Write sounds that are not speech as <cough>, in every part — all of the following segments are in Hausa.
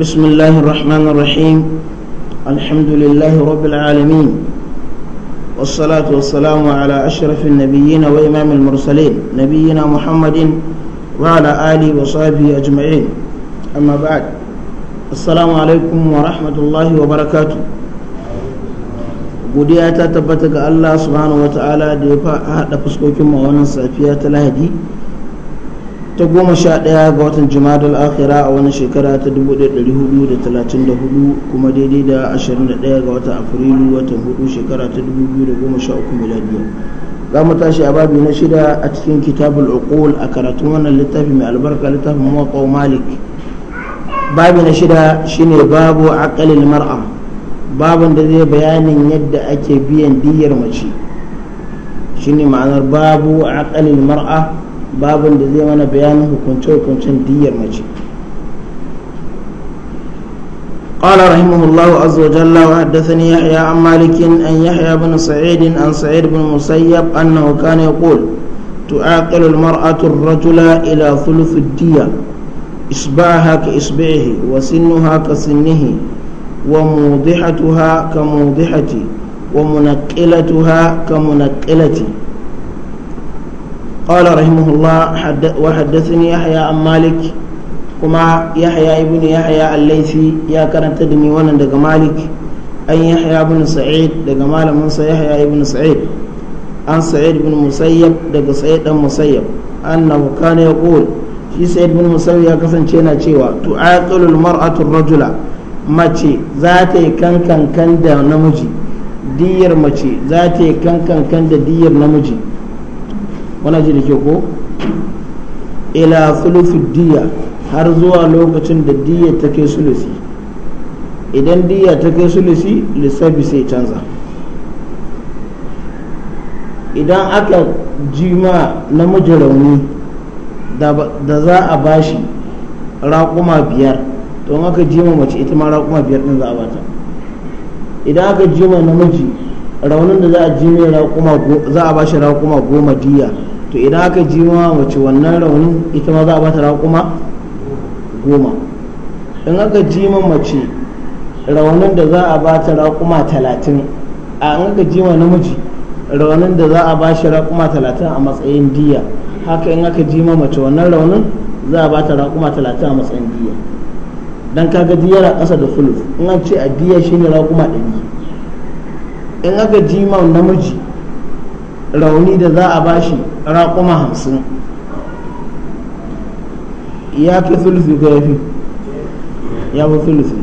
بسم الله الرحمن الرحيم الحمد لله رب العالمين والصلاة والسلام على أشرف النبيين وإمام المرسلين نبينا محمد وعلى آله وصحبه أجمعين أما بعد السلام عليكم ورحمة الله وبركاته godiya ta tabbata ga Allah subhanahu wata'ala da ya haɗa fuskokinmu a wannan safiya ta lahadi ta goma sha ɗaya ga watan jumadal akhira a wani shekara ta 1434 kuma daidai da 21 ga watan afrilu watan hudu shekara ta 2013 miladiya za mu tashi a babi na shida a cikin kitabul uqul a karatun wannan littafi mai albarka littafin muwatta malik babi na shida shine babu aqalil mar'a babin da zai bayanin yadda ake biyan diyyar mace shine ma'anar babu aqalil mar'a babin da zai mana bayanin hukunce-hukuncen diyyar mace قال رحمه الله عز وجل وحدثني يحيى عن مالك أن يحيى بن سعيد عن سعيد بن مسيب أنه كان يقول تعاقل المرأة الرجل إلى ثلث الدية إصبعها كإصبعه وسنها كسنه وموضحتها كموضحتي ومنقلتها كمنقلتي قال رحمه الله حد وحدثني يحيى عن مالك كما يحيى ابن يحيى الليثي يا كرنت دني وانا دغ مالك أن يحيى بن سعيد دغ مالك موسى يحيى ابن سعيد عن سعيد بن مسيب دغ سعيد بن مسيب أنه كان يقول في سعيد بن مسيب يا كسن تشينا تشيوا تعاقل المرأة الرجل mace za ta yi kankan da namiji diyar mace za ta yi kankan da diyar namiji muna ji da ke ko ila sulusu diya har zuwa lokacin da diya ta kai sulusi idan diya ta kai sulusi lissabi sai canza idan aka jima namiji rauni da za a bashi raƙuma biyar to aka jima mace ita ma raƙuma biyar ɗin za a bata idan aka jima namiji raunin da za a jime za a bashi raƙuma goma diya to idan aka ji ma mace wannan raunin ita ma za a bata raƙuma goma in aka ji ma mace raunin da za a bata raƙuma talatin a in aka ji ma namiji raunin da za a ba shi raƙuma talatin a matsayin diya haka in aka ji ma mace wannan raunin za a bata raƙuma talatin a matsayin diya dan kaga diyar a ƙasa da fulus in an ce a diya shi ne raƙuma ɗari in aka ji ma namiji rauni da za a bashi raƙuma hamsin ya fi sulusu ga ya fi ya fi sulusu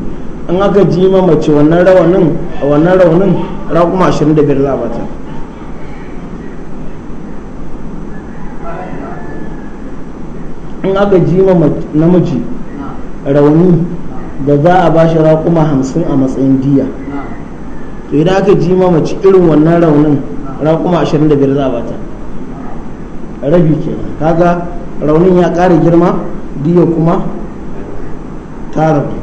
in aka ji mace wannan rawanin a wannan rawanin raƙuma 25 za a bata in aka ji namiji rauni da za a ba shi raƙuma 50 a matsayin diya to idan aka ji ma mace irin wannan raunin raƙuma 25 za a bata rabi ke kaga raunin ya ƙara girma diya kuma ta rabu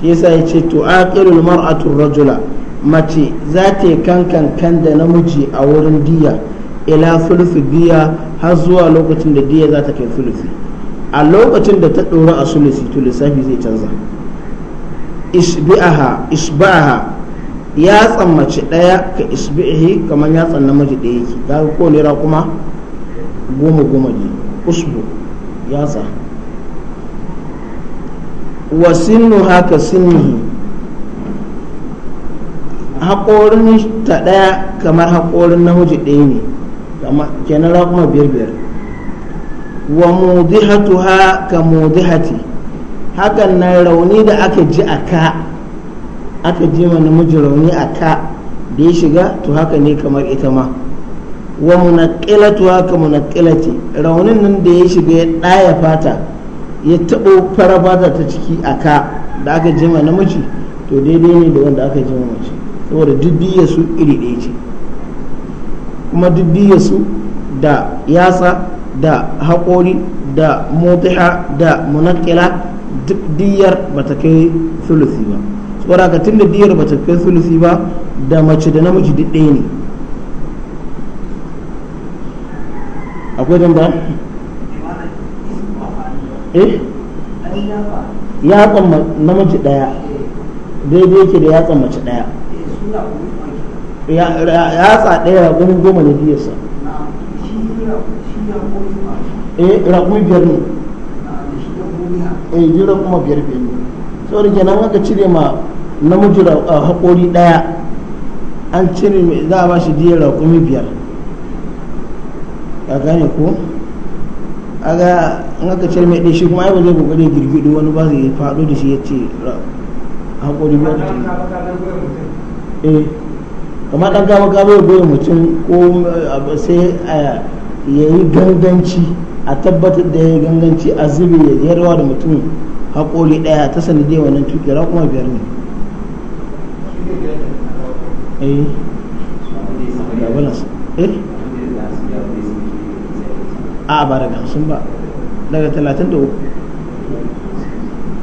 shi yasa ya ce to aqilul mar'atu rajula mace za ta yi kankan kan da namiji a wurin diya ila sulfi biya har zuwa lokacin da diya za ta kai sulfi a lokacin da ta ɗora a sulfi to lissafi zai canza isbi'aha isba'aha ya tsammaci ɗaya ka isbi'ihi kamar ya tsanna maji ɗaya yake ga ko lera kuma goma goma ne usbu ya sa wa sinu haka sinnihi haƙorin ta ɗaya kamar haƙorin namiji ɗaya ne kenan kuma biyar biyar wa mudihatu ha ka mudihati hakan na rauni da aka ji a ka aka ji namiji rauni a ka da ya shiga to haka ne kamar ita ma wa munakila to haka munakila ce raunin nan da ya shiga ya ɗaya fata ya taɓo fara fata ta ciki a ka da aka ji namiji to daidai ne da wanda aka ji ma mace saboda duk su iri ɗaya ce kuma duk su da yasa da haƙori da motiha da munakila duk diyar ba ta kai sulusi ba saboda ka da diyar bata kai sulusi ba da mace da namiji duk ɗaya ne akwai don ba eh yatsan namiji ɗaya daidai yake da ya yatsan mace ɗaya ya tsa ɗaya gani goma ne biyarsa eh raƙumi biyar ne eh jira kuma biyar biyar ne saboda kenan aka cire ma namiji haƙori ɗaya an cire mai za a ba shi diyar raƙumi biyar a gane ko a ga in aka cire mai ɗaya shi kuma ai ba zai kokari girgido wani ba zai faɗo da shi ya ce haƙori biyar da eh kamar ɗan gaba gaba ya goya mutum ko sai ya yi ganganci a tabbatar da ya yi ganganci a zube ya yarwa da mutum haƙori ɗaya ta sanadiyar wannan tukira kuma biyar ne إيه؟ آه،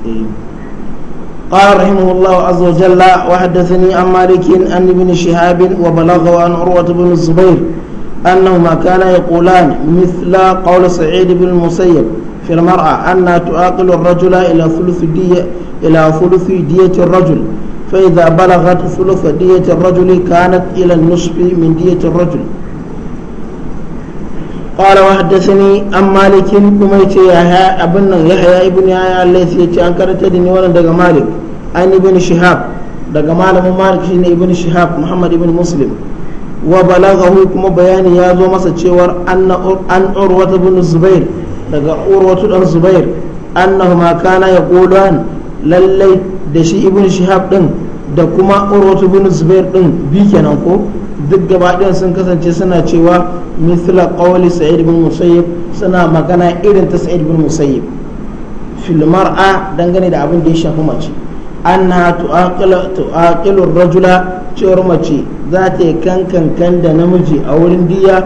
إيه. قال رحمه الله عز وجل وحدثني عن مالك عن ابن شهاب وبلغه عن عروة بن الزبير أنهما كانا يقولان مثل قول سعيد بن المسيب في المرأة أنها تؤاقل الرجل إلى ثلث دية إلى ثلث دية الرجل فإذا بلغت ثلث دية الرجل كانت إلى النصف من دية الرجل قال وحدثني عن مالك كما يحيى ابن يحيى ابن يحيى الذي يتي عن كرتدني وانا دغ مالك عن ابن شهاب دغ مالك مالك شين ابن شهاب محمد ابن مسلم وبلغه كما بيان يا زو مسا cewar ان ان عروه بن الزبير دغ عروه بن الزبير انهما كان يقولان للي da shi ibn shihab din da kuma urwatu bin zubair din bi kenan ko duk gaba ɗin sun kasance suna cewa mithla qawli sa'id bin musayyib suna magana irin ta sa'id bin musayyib fil mar'a dangane da abin da ya shafi mace anna tu'aqilu tu'aqilu rajula cewar mace za ta yi kankan da namiji a wurin diya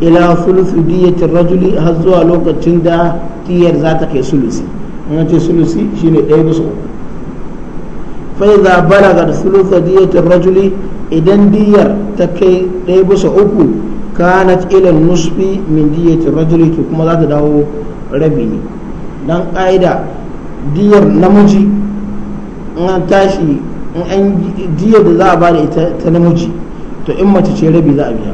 ila sulusu diyatin rajuli har zuwa lokacin da tiyar za ta kai sulusi in ce sulusi shine ɗaya bisa uku faiza balaga da sulusa diyatar rajuli idan diyar ta kai ɗaya bisa uku na ilan nusfi min diyatar rajuli to kuma za ta dawo rabi ne don ƙa'ida diyar namiji an tashi an diyar da za a bada ita ta namiji to in mace ce rabi za a biya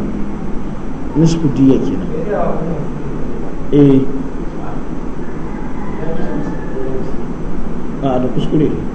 nusfi diyar ke eh a da kuskure ne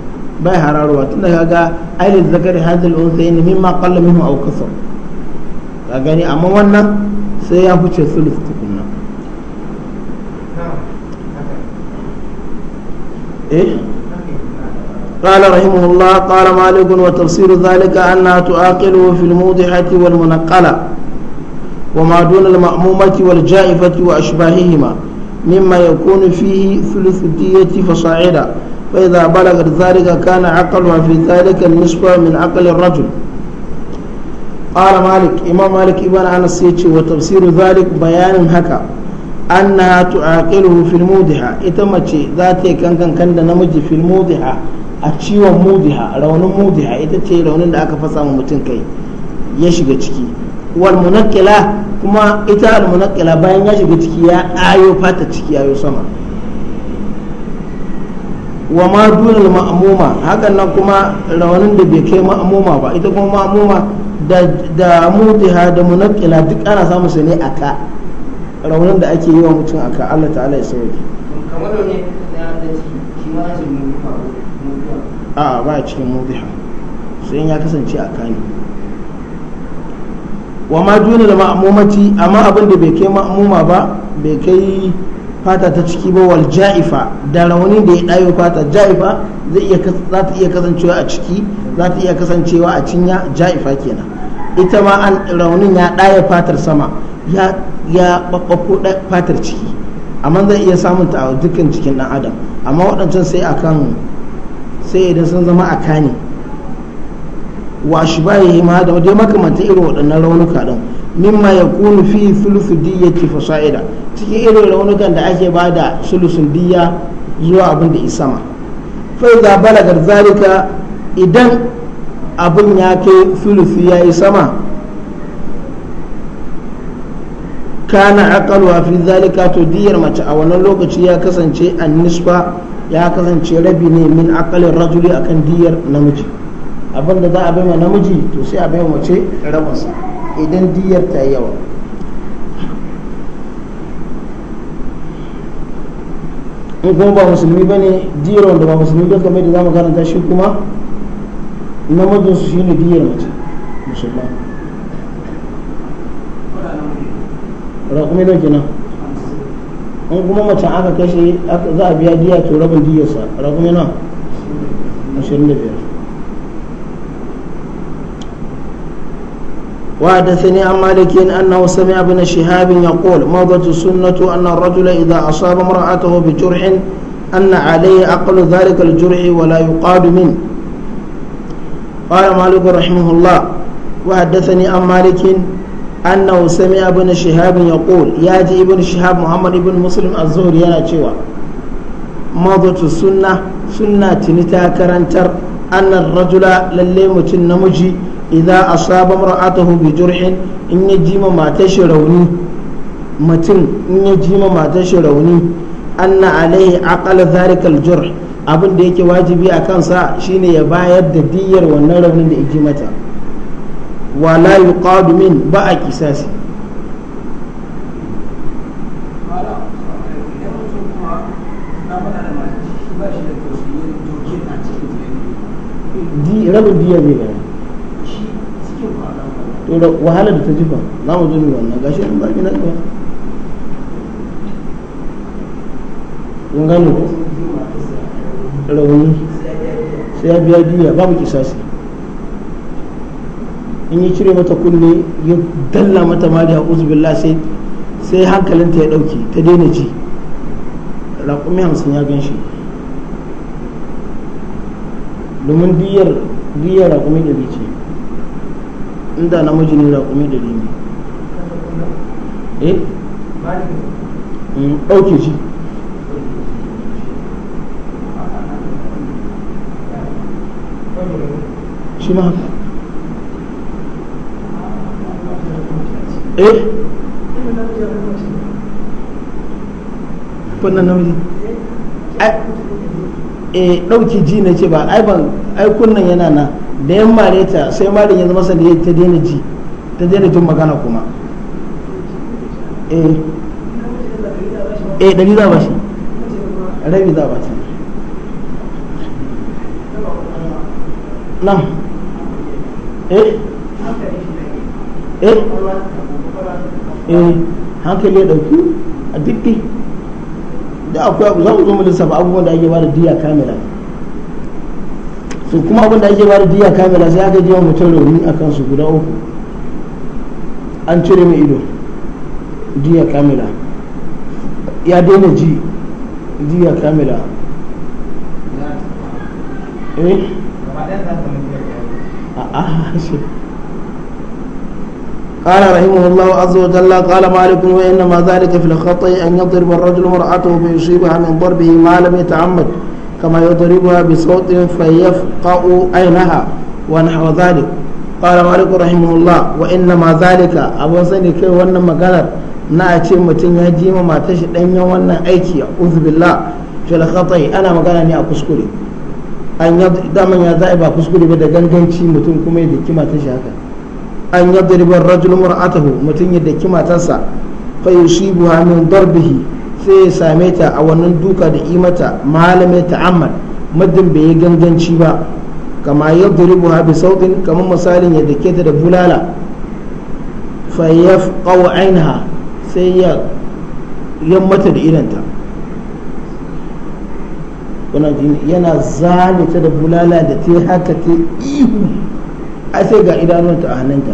bai hararowa tunda kaga ailil zakari hadal unsayin mimma qalla minhu aw kasar ka gani amma wannan sai ya fice sulus tukunna eh قال رحمه الله قال مالك وتفسير ذلك أنها تؤاقله في الموضحة والمنقلة وما دون المأمومة والجائفة وأشباههما مما يكون فيه ثلث الدية فصاعدا فإذا بلغت ذلك كان عقلها في ذلك النسبة من عقل الرجل قال مالك إمام مالك ابن أنس وتفسير ذلك بيان هكا أنها تعاقله في المودحة إتمتي ذاتي كان كان كان نمجي في المودحة أتشيو مودحة لون مودحة إتتي لون دا أكا فسام متنكي يشغى تشكي والمنكلة كما إتا المنكلة بيان يشغى تشكي آيو فاتا تشكي آيو سما wa ma dunal ma'amuma hakan nan kuma rawanin da bai kai ma'amuma ba ita kuma ma'amuma da mutiha da munakila duk ana samun su ne a ka raunin da ake yi wa mutum a ka Allah ta'ala ya sauke a ba a cikin mutiha sai ya kasance a ka ne wa ma dunal ma'amumati amma abin da bai kai ma'amuma ba bai kai fata ta ciki ba wal ja'ifa da rauni da ya dayo fata ja'ifa zai iya za ta iya kasancewa a ciki za ta iya kasancewa a cinya ja'ifa kenan ita ma an raunin ya daya fatar sama ya ya babbako fatar ciki amma zai iya samun ta a dukkan jikin dan adam amma waɗancan sai akan sai idan sun zama a kani wa shi ba yi ma da dai makamanta irin waɗannan raunuka din mimma yakunu fi thuluthu diyyati fasa'ida cikin irin raunukan da ake ba da sulusun diya zuwa abin da isama fai za balagar zalika idan abin ya kai sulusi ya yi sama kana akalwa fi zalika to diyar mace a wannan lokaci ya kasance an nisfa ya kasance rabi ne min akalin rajuli akan diyar namiji abin da za a bai ma namiji to sai a bai mace rabinsa idan diyar ta yawa in kuma ba musulmi ba ne diyar wanda ba musulmi ba kamar da za mu karanta shi kuma namijinsu shi ne diyar mace musulma raƙumi nau kenan in kuma mace aka kashe za a biya diya to rabin diyarsa raƙumi na 25 وحدثني عن مالك انه سمع ابن شهاب يقول مضت السنه ان الرجل اذا اصاب امراته بجرح ان عليه اقل ذلك الجرح ولا يقاد منه قال مالك رحمه الله وحدثني عن مالك أنه سمع ابن شهاب يقول ياتي ابن شهاب محمد ابن مسلم الزهري yana cewa mawdutu sunna sunna tuni ta karantar annar rajula lalle mutum namiji idza asaba mar'atahu bi jurhin in ya jima matar shi rauni mutum in ya jima matar shi rauni anna alaihi aqal dhalika jurh abin da yake wajibi a kansa shine ya bayar da diyyar wannan raunin da yake mata wala yuqadu min ba a kisasi rabin diya zai bayar da wahalar da ta jifa za mu zo wannan gashi an zabi na gaba kun gane ko rauni sai ya biya diya babu kisasi in yi cire mata kunne ya dalla mata mari a uzubillah sai sai hankalinta ya dauke ta daina ji raƙumi hamsin ya gan shi domin diyar diyar raƙumi da bici inda namiji ne raƙumi da rimi eh mm, ɗauke shi shi ma haka eh kunnan namiji eh ɗauke ji na ce ba ai ban ai kunnan yana nan da yan mare ta sai marin ya zama sanadiyar ta daina ji ta daina jin magana kuma eh eh dari za ba shi rabi za ba shi nan eh eh eh hankali ya dauki a dukki da akwai abu za mu zo mu lissafa abubuwan da ake ba da diya kamila su kuma abin da ake bada diya kamila sai aka ji wa mutum rauni a kansu guda uku an cire mai ido diya kamila ya daina ji diya kamila eh a'a shi قال رحمه الله عز وجل قال مالك وإنما ذلك في الخطأ أن يضرب الرجل امرأته فيصيبها من ضربه ما لم يتعمد كما يضربها بصوت فيفقع عينها ونحو ذلك قال مالك رحمه الله وإنما ذلك أبو سني كي وانا مقالر نا نأتي متن يجيما ما تشد أن يوانا أيكي أعوذ بالله في الخطأ أنا مقالر أني أكسكري أن دائما يا ذائب أكسكري بدأ جنجنشي متن كمي دي كما تشاكا أن يضرب الرجل مرأته متن يدي كما تسا فيصيبها من ضربه sai ya same ta a wannan duka da imata ta ta'ammal muddin bai yi ganganci ba kama yau duribu ha bi sautin kamar misalin ya ke ta da bulala fa ya ainiha sai ya yammata da idanta yana zalita da bulala da ta haka ta ihu a sai ga idanunta a hannunta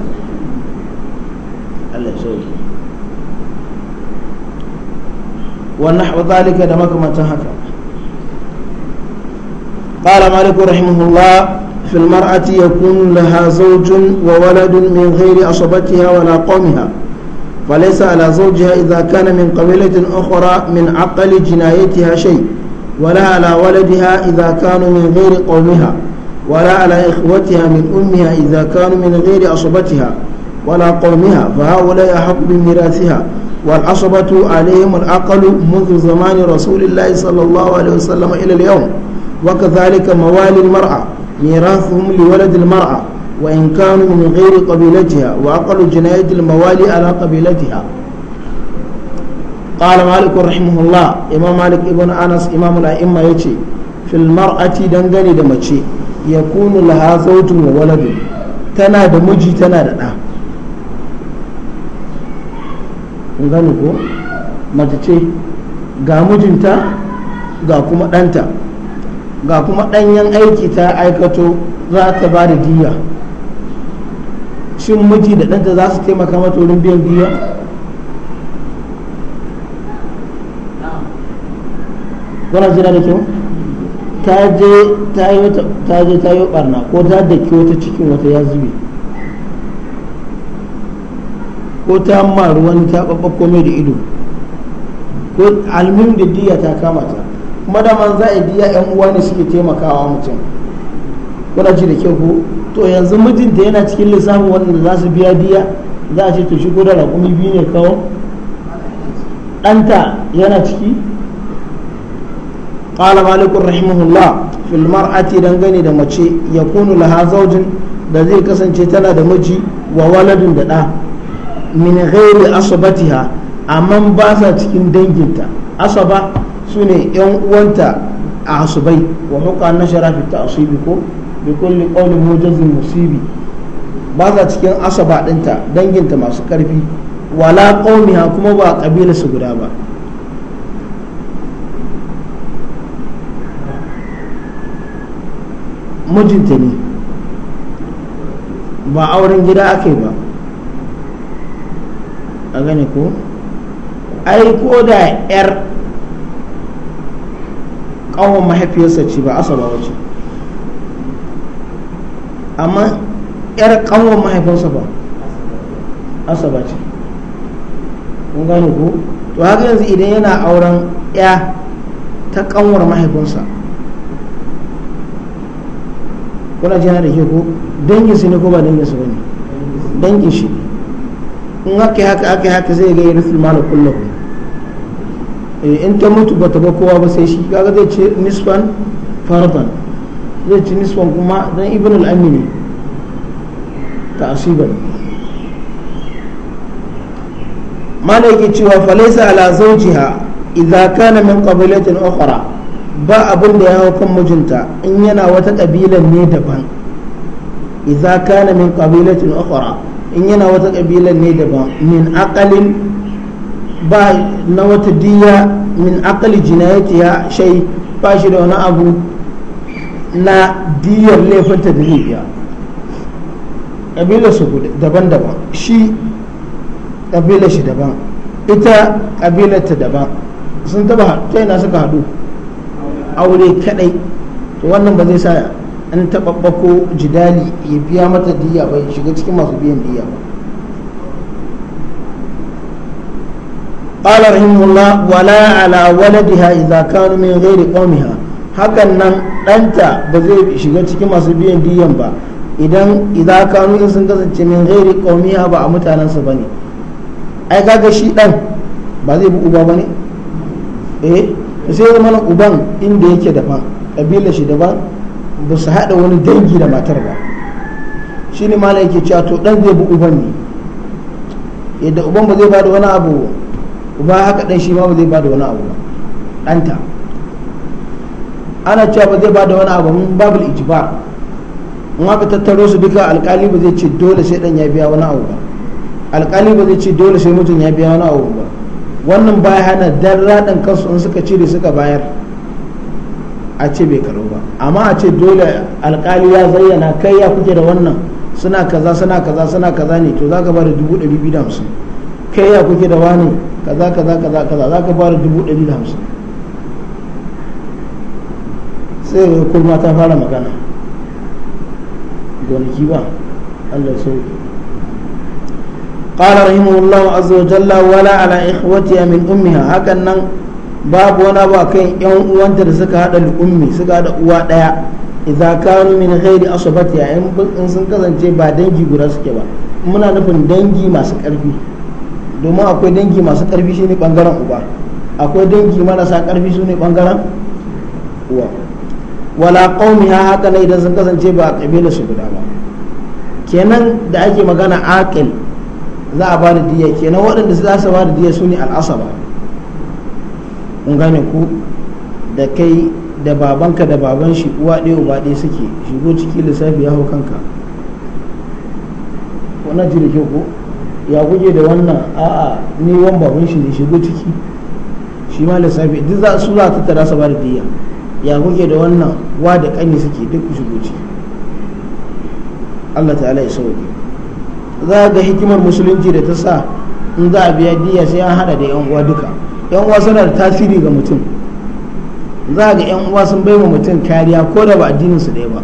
ونحو ذلك دمك ما تهك قال مالك رحمه الله في المرأة يكون لها زوج وولد من غير أصبتها ولا قومها فليس على زوجها إذا كان من قبيلة أخرى من عقل جنايتها شيء ولا على ولدها إذا كانوا من غير قومها ولا على إخوتها من أمها إذا كانوا من غير أصبتها ولا قومها فهؤلاء أحق بميراثها والعصبة عليهم العقل منذ زمان رسول الله صلى الله عليه وسلم إلى اليوم وكذلك موالي المرأة ميراثهم لولد المرأة وإن كانوا من غير قبيلتها وعقل جناية الموالي على قبيلتها قال مالك رحمه الله إمام مالك ابن أنس إمام الأئمة يتي في المرأة دنغني دمتي يكون لها زوج وولد تنا دمجي تنا دنا gani ko mace ce ga mijinta ga kuma ɗanta ga kuma ɗanyen aiki ta aikato za ta ba da diya shin miji da ɗanta za su taimaka mata wurin biyan diya kuna jira da kyau ta je ta yi barna ko ta daki wata cikin wata ya zube ko ta ma ruwan ta babba komai da ido ko almin da diya ta kama kuma da man za a diya yan uwa ne suke taimakawa mutum kuna ji da kyau ko to yanzu mijinta yana cikin lissafin wanda za su biya diya za a ce to shigo da raƙumi biyu ne kawo ɗanta yana ciki قال مالك رحمه الله في المرأة دنغني da mace yakunu laha zaujin da zai kasance tana da miji wa waladun da ɗa min ghairi asabatiha amma ba sa cikin danginta asaba su ne yan uwanta a asubai wa hukka na sharafi ta asubi ko bi kulli qawlin mujazin musibi ba sa cikin asaba dinta danginta masu karfi wala qaumiha kuma ba kabila su guda ba mijinta ne ba auren gida ake ba a gane ko ai ko da yar ƙawon mahaifiyarsa ce ba asaba ce amma yar ƙawon mahaifinsa ba asaba ce kun gane ko to haka yanzu idan yana auren ya ta ƙanwar mahaifinsa kuna jina da ke ko dangin su ne ko ba dangin su ba ne dangin shi ne in haka haka haka haka zai ga yana filma kullum eh, in ta mutu ba ta ba kowa ba sai shi kaga zai ci nisfan fardan zai ci nisfan kuma dan ibn al-amini ta asiban mana yake cewa falaisa ala zawjiha idza kana min qabilatin ukhra ba abin da ya hau kan mijinta in yana wata kabilan ne daban idza kana min qabilatin ukhra in yana wata ƙabilar ne daban min aƙalin ba na wata diya min aƙali jinayati ya shai ba shi da wani abu na diyar laifinta da biya ƙabilar su daban-daban shi ƙabilar shi daban ita ƙabilar ta daban sun taba ta yana suka haɗu aure kadai to wannan ba zai sa an taɓaɓɓa ko jidali ya biya mata diya ba ya shiga cikin masu biyan diya ba قال رحمه الله ولا على ولدها إذا كانوا من غير hakan nan ɗanta ba zai shiga cikin masu biyan diyan ba idan iza kanu in sun kasance min gairi qaumiha ba a mutanensa bane ai kaga shi ɗan ba zai bi uba bane eh sai zama uban inda yake daban kabilar shi daban ba su haɗa wani dangi da matar ba shi ne mala yake cewa to ɗan zai bi uban ne yadda uban ba zai bada wani abu uba haka ɗan shi ma ba zai bada wani abu ba ɗanta ana cewa ba zai bada wani abu mun babu ijibar in aka tattaro su duka alkali ba zai ce dole sai ɗan ya biya wani abu ba alkali ba zai ce dole sai mutum ya biya wani abu ba wannan baya hana dan raɗin kansu in suka cire suka bayar a ce bai karo ba amma a ce dole alkali ya zayyana kai ya kuke da wannan suna kaza suna kaza suna kaza ne to za ka ba da dubu ɗari biyu da hamsin kai ya kuke da wani kaza kaza kaza kaza za ka ba da dubu ɗari da hamsin sai ya kurma ta fara magana gonaki ba Allah ya sauke قال رحمه الله عز وجل ولا على إخوتها من أمها هكذا babu wani abu akan yan uwanta da suka hada al'ummi suka hada uwa daya idza kanu min ghairi asabati in sun kasance ba dangi guda suke ba muna nufin dangi masu karfi domin akwai dangi masu karfi shine bangaren uba akwai dangi marasa karfi shine bangaren uwa wala qaumi ha haka ne idan sun kasance ba kabila su guda ba kenan da ake magana aqil za a ba da diya kenan waɗanda za su ba da diya su ne al'asaba in gane ku da kai da babanka da baban shi uwa ɗaya uba ɗaya suke shigo ciki lissafi ya hau kanka wannan jirgin ko ya guje da wannan a'a ni wan baban shi ne shigo ciki shi ma lissafi duk za su za ta tara sa da diya ya guje da wannan wa da kani suke duk shigo ciki Allah ta'ala ya sauke za ga hikimar musulunci da ta sa in za a biya diya sai an hada da yan uwa duka yan uwa suna da tasiri ga mutum za ga yan uwa sun bai wa mutum kariya ko da ba addinin su ɗaya ba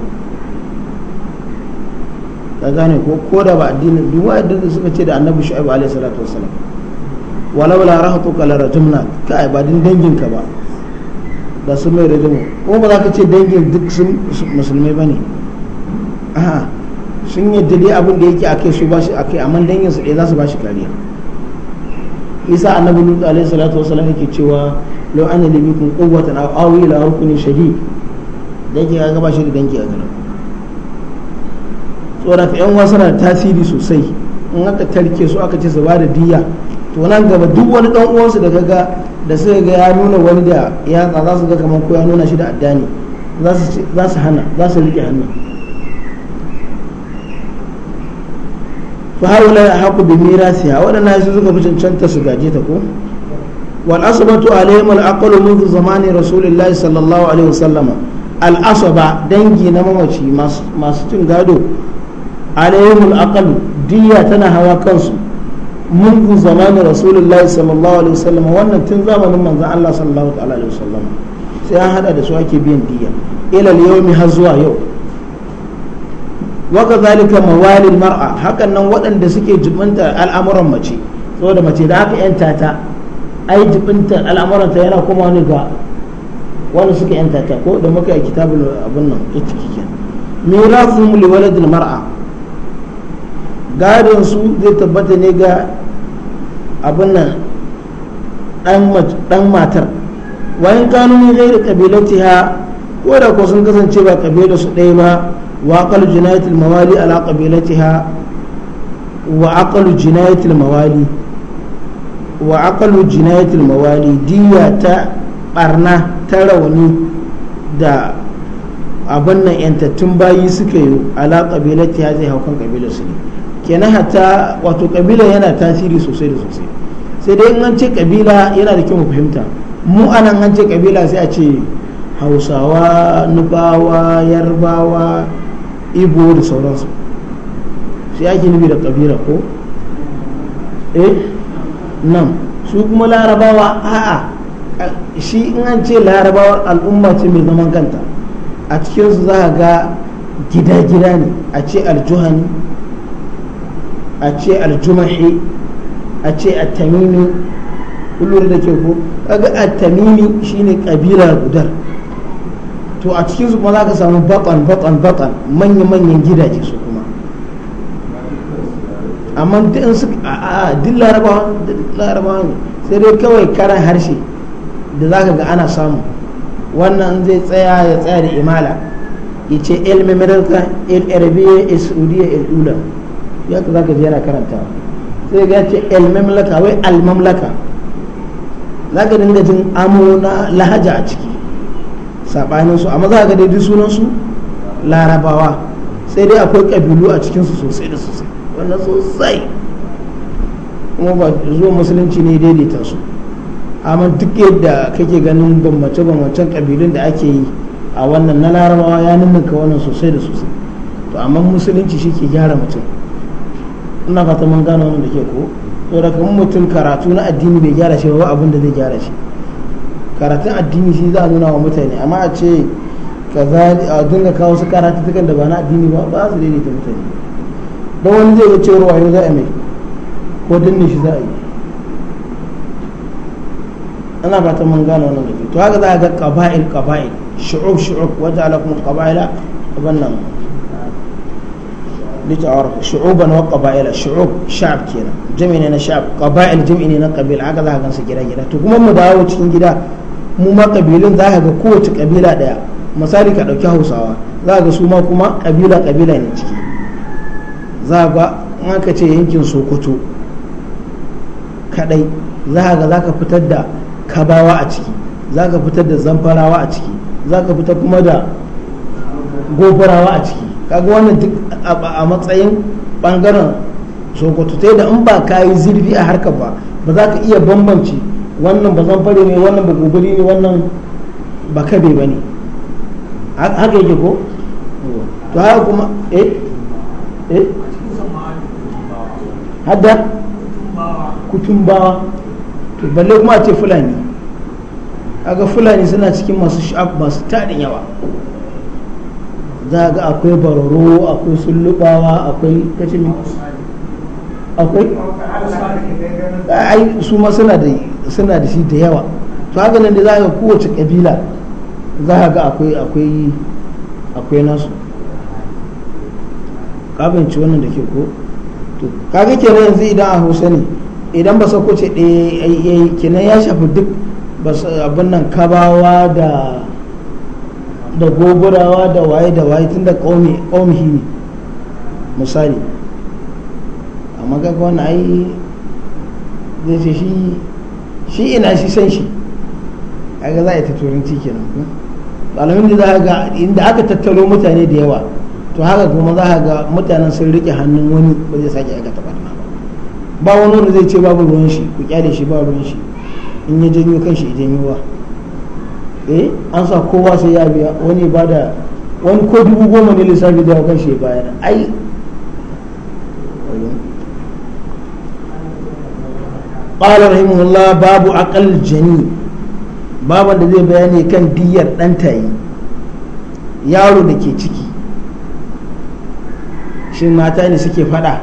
ka gane ko ko da ba addinin duk wa'adin suka ce da annabi shu'aib alaihi salatu wasalam walau la rahatuka la rajumna kai ba din dangin ka ba da sun mai rajumu ko ba za ka ce dangin duk sun musulmai ba ne sun yadda dai abin da yake kai su ba shi kai amma dangin su ɗaya za su ba shi kariya isa annabi lut alayhi salatu salam yake cewa law anna li bikum quwwatan aw awi ila rukunin shadid dangi ga ba shi da dangi a garin tsoron yan wasa na tasiri sosai in aka tarke su aka ce su ba da diya to nan gaba duk wani dan uwansu da kaga da suka ga ya nuna wani da ya za su ga kamar ko ya nuna shi da addani za su hana za su rike hannu fa haula haqu bi mirasiha wadannan su suka fi cancanta su gaje ta ko wal asbatu alaihim al aqlu منذ zamani rasulillahi sallallahu alaihi wasallam al asaba dangi na mamaci masu cin gado alaihim al aqlu diya tana hawa kansu منذ زمان رسول الله صلى الله عليه وسلم wannan tun zamanin manzon Allah sallallahu alaihi wasallam sai an hada da su ake biyan diya ila al-yawmi har zuwa yau waka zalika mawalin mar'a hakan nan waɗanda suke jibintar al'amuran mace saboda mace da haka yanta ta ai al'amuran ta yana kuma wani ga wani suka yanta ta ko da muka yi kitabul abun nan ita kike mirasum li waladil mar'a gadon su zai tabbata ne ga abun nan dan matar wayan kanu ne gairi kabilatiha ko da ko sun kasance ba kabilar su ɗaya ba وأقل جناية الموالي على قبيلتها وأقل جناية الموالي وأقل جناية الموالي دية barna ta rauni da abin nan yantattun bayi suka yi ala ƙabilar ta zai haukan ƙabilar su ne kenan hata wato ƙabila yana tasiri sosai da sosai sai dai an ce ƙabila yana da kyau fahimta mu anan an ce ƙabila sai a ce hausawa nubawa yarbawa ibo da sauransu shi ake nufi da kabira ko eh nan su kuma larabawa a'a shi in an ce larabawar al'umma ce mai zaman kanta a cikinsu za a ga gida-gida ne a ce aljuhani a ce aljumahi a ce attamimi kullum da ke ko kaga attamimi shine kabila gudar to a cikin su kuma za ka samu baƙon baƙon baƙon manyan manyan gidaje su kuma amma duk su a duk larabawa larabawa ne sai dai kawai karan harshe da za ka ga ana samu wannan zai tsaya ya tsaya da imala ya ce el mamirka el arabiya el saudiya el ulam ya ka za ka je yana karantawa sai ga ce el mamlaka wai al mamlaka za ka dinga jin amo na lahaja a ciki sabanin su amma za a ga daidai sunan su larabawa sai dai akwai kabilu a cikin su sosai da sosai wannan sosai kuma ba zuwa musulunci ne daidaita su amma duk yadda kake ganin bambance-bambancen kabilun da ake yi a wannan na larabawa ya ninninka wannan sosai da sosai to amma musulunci shi ke gyara mutum ina fata mun gano wannan da ke ko to da mutum karatu na addini bai gyara shi ba abin da zai gyara shi karatun addini shi za a nuna wa mutane amma a ce a dinga kawo su karatutukan da ba na addini ba ba su daidaita mutane don wani zai ga cewar wayo za a mai ko dinne shi za a yi ana fatan mun gane wannan da to haka za a ga kaba'il qaba'il shu'ub shu'ub wa kaba'ila kuma qaba'ila wannan لتعرف شعوبا وقبائل شعوب شعب كينا جمعنا شعب قبائل جمعنا قبيل gida gida to kuma mu dawo cikin gida. mu ma kabilun za a ga kowace kabila daya misali ka dauki hausawa za ga su ma kuma kabila kabila ne ciki za ga in ce yankin sokoto kadai za ga za ka fitar da kabawa a ciki za ka fitar da zamfarawa a ciki za ka fitar kuma da gobarawa a ciki kaga wannan duk a matsayin bangaren sokoto ta da in ba ka yi zirfi a harkar ba ba za ka iya bambance wannan ba zan zamfare ne wannan ba gobiri ne wannan ba kabe ba ne haka yake ko to haka kuma eh eh hadda kutumbawa to balle kuma a ce fulani aga fulani suna cikin masu sha'ab masu taɗin yawa za ga akwai bararo akwai sullubawa akwai kacin akwai ai su ma suna da suna da shi da yawa to haka nan da za ka kowace kabila za ka ga akwai akwai akwai nasu ka wannan da ke ko to kaga kenan yanzu idan a Hausa ne idan ba sako ce ɗaya kenan ya shafi duk abin nan kabawa da da goburawa da waye da waye tun da ƙaumihi ne misali amma ga wani ai zai ce shi shi ina shi san shi a ga za a yi ta turanci kenan alamin da za ga inda aka tattaro mutane da yawa to haka kuma za a ga mutanen sun rike hannun wani ba zai sake aikata barna ba ba wani wanda zai ce babu ruwan shi ku kyale shi ba ruwan shi in ya janyo kan shi idan yiwa eh an sa kowa sai ya biya wani ba da wani ko dubu goma ne lissafi da kan shi ya bayar ai qala rahimahullah babu aqal jani baban da zai bayani kan diyar dan tayi yaro da ke ciki shin mata ne suke faɗa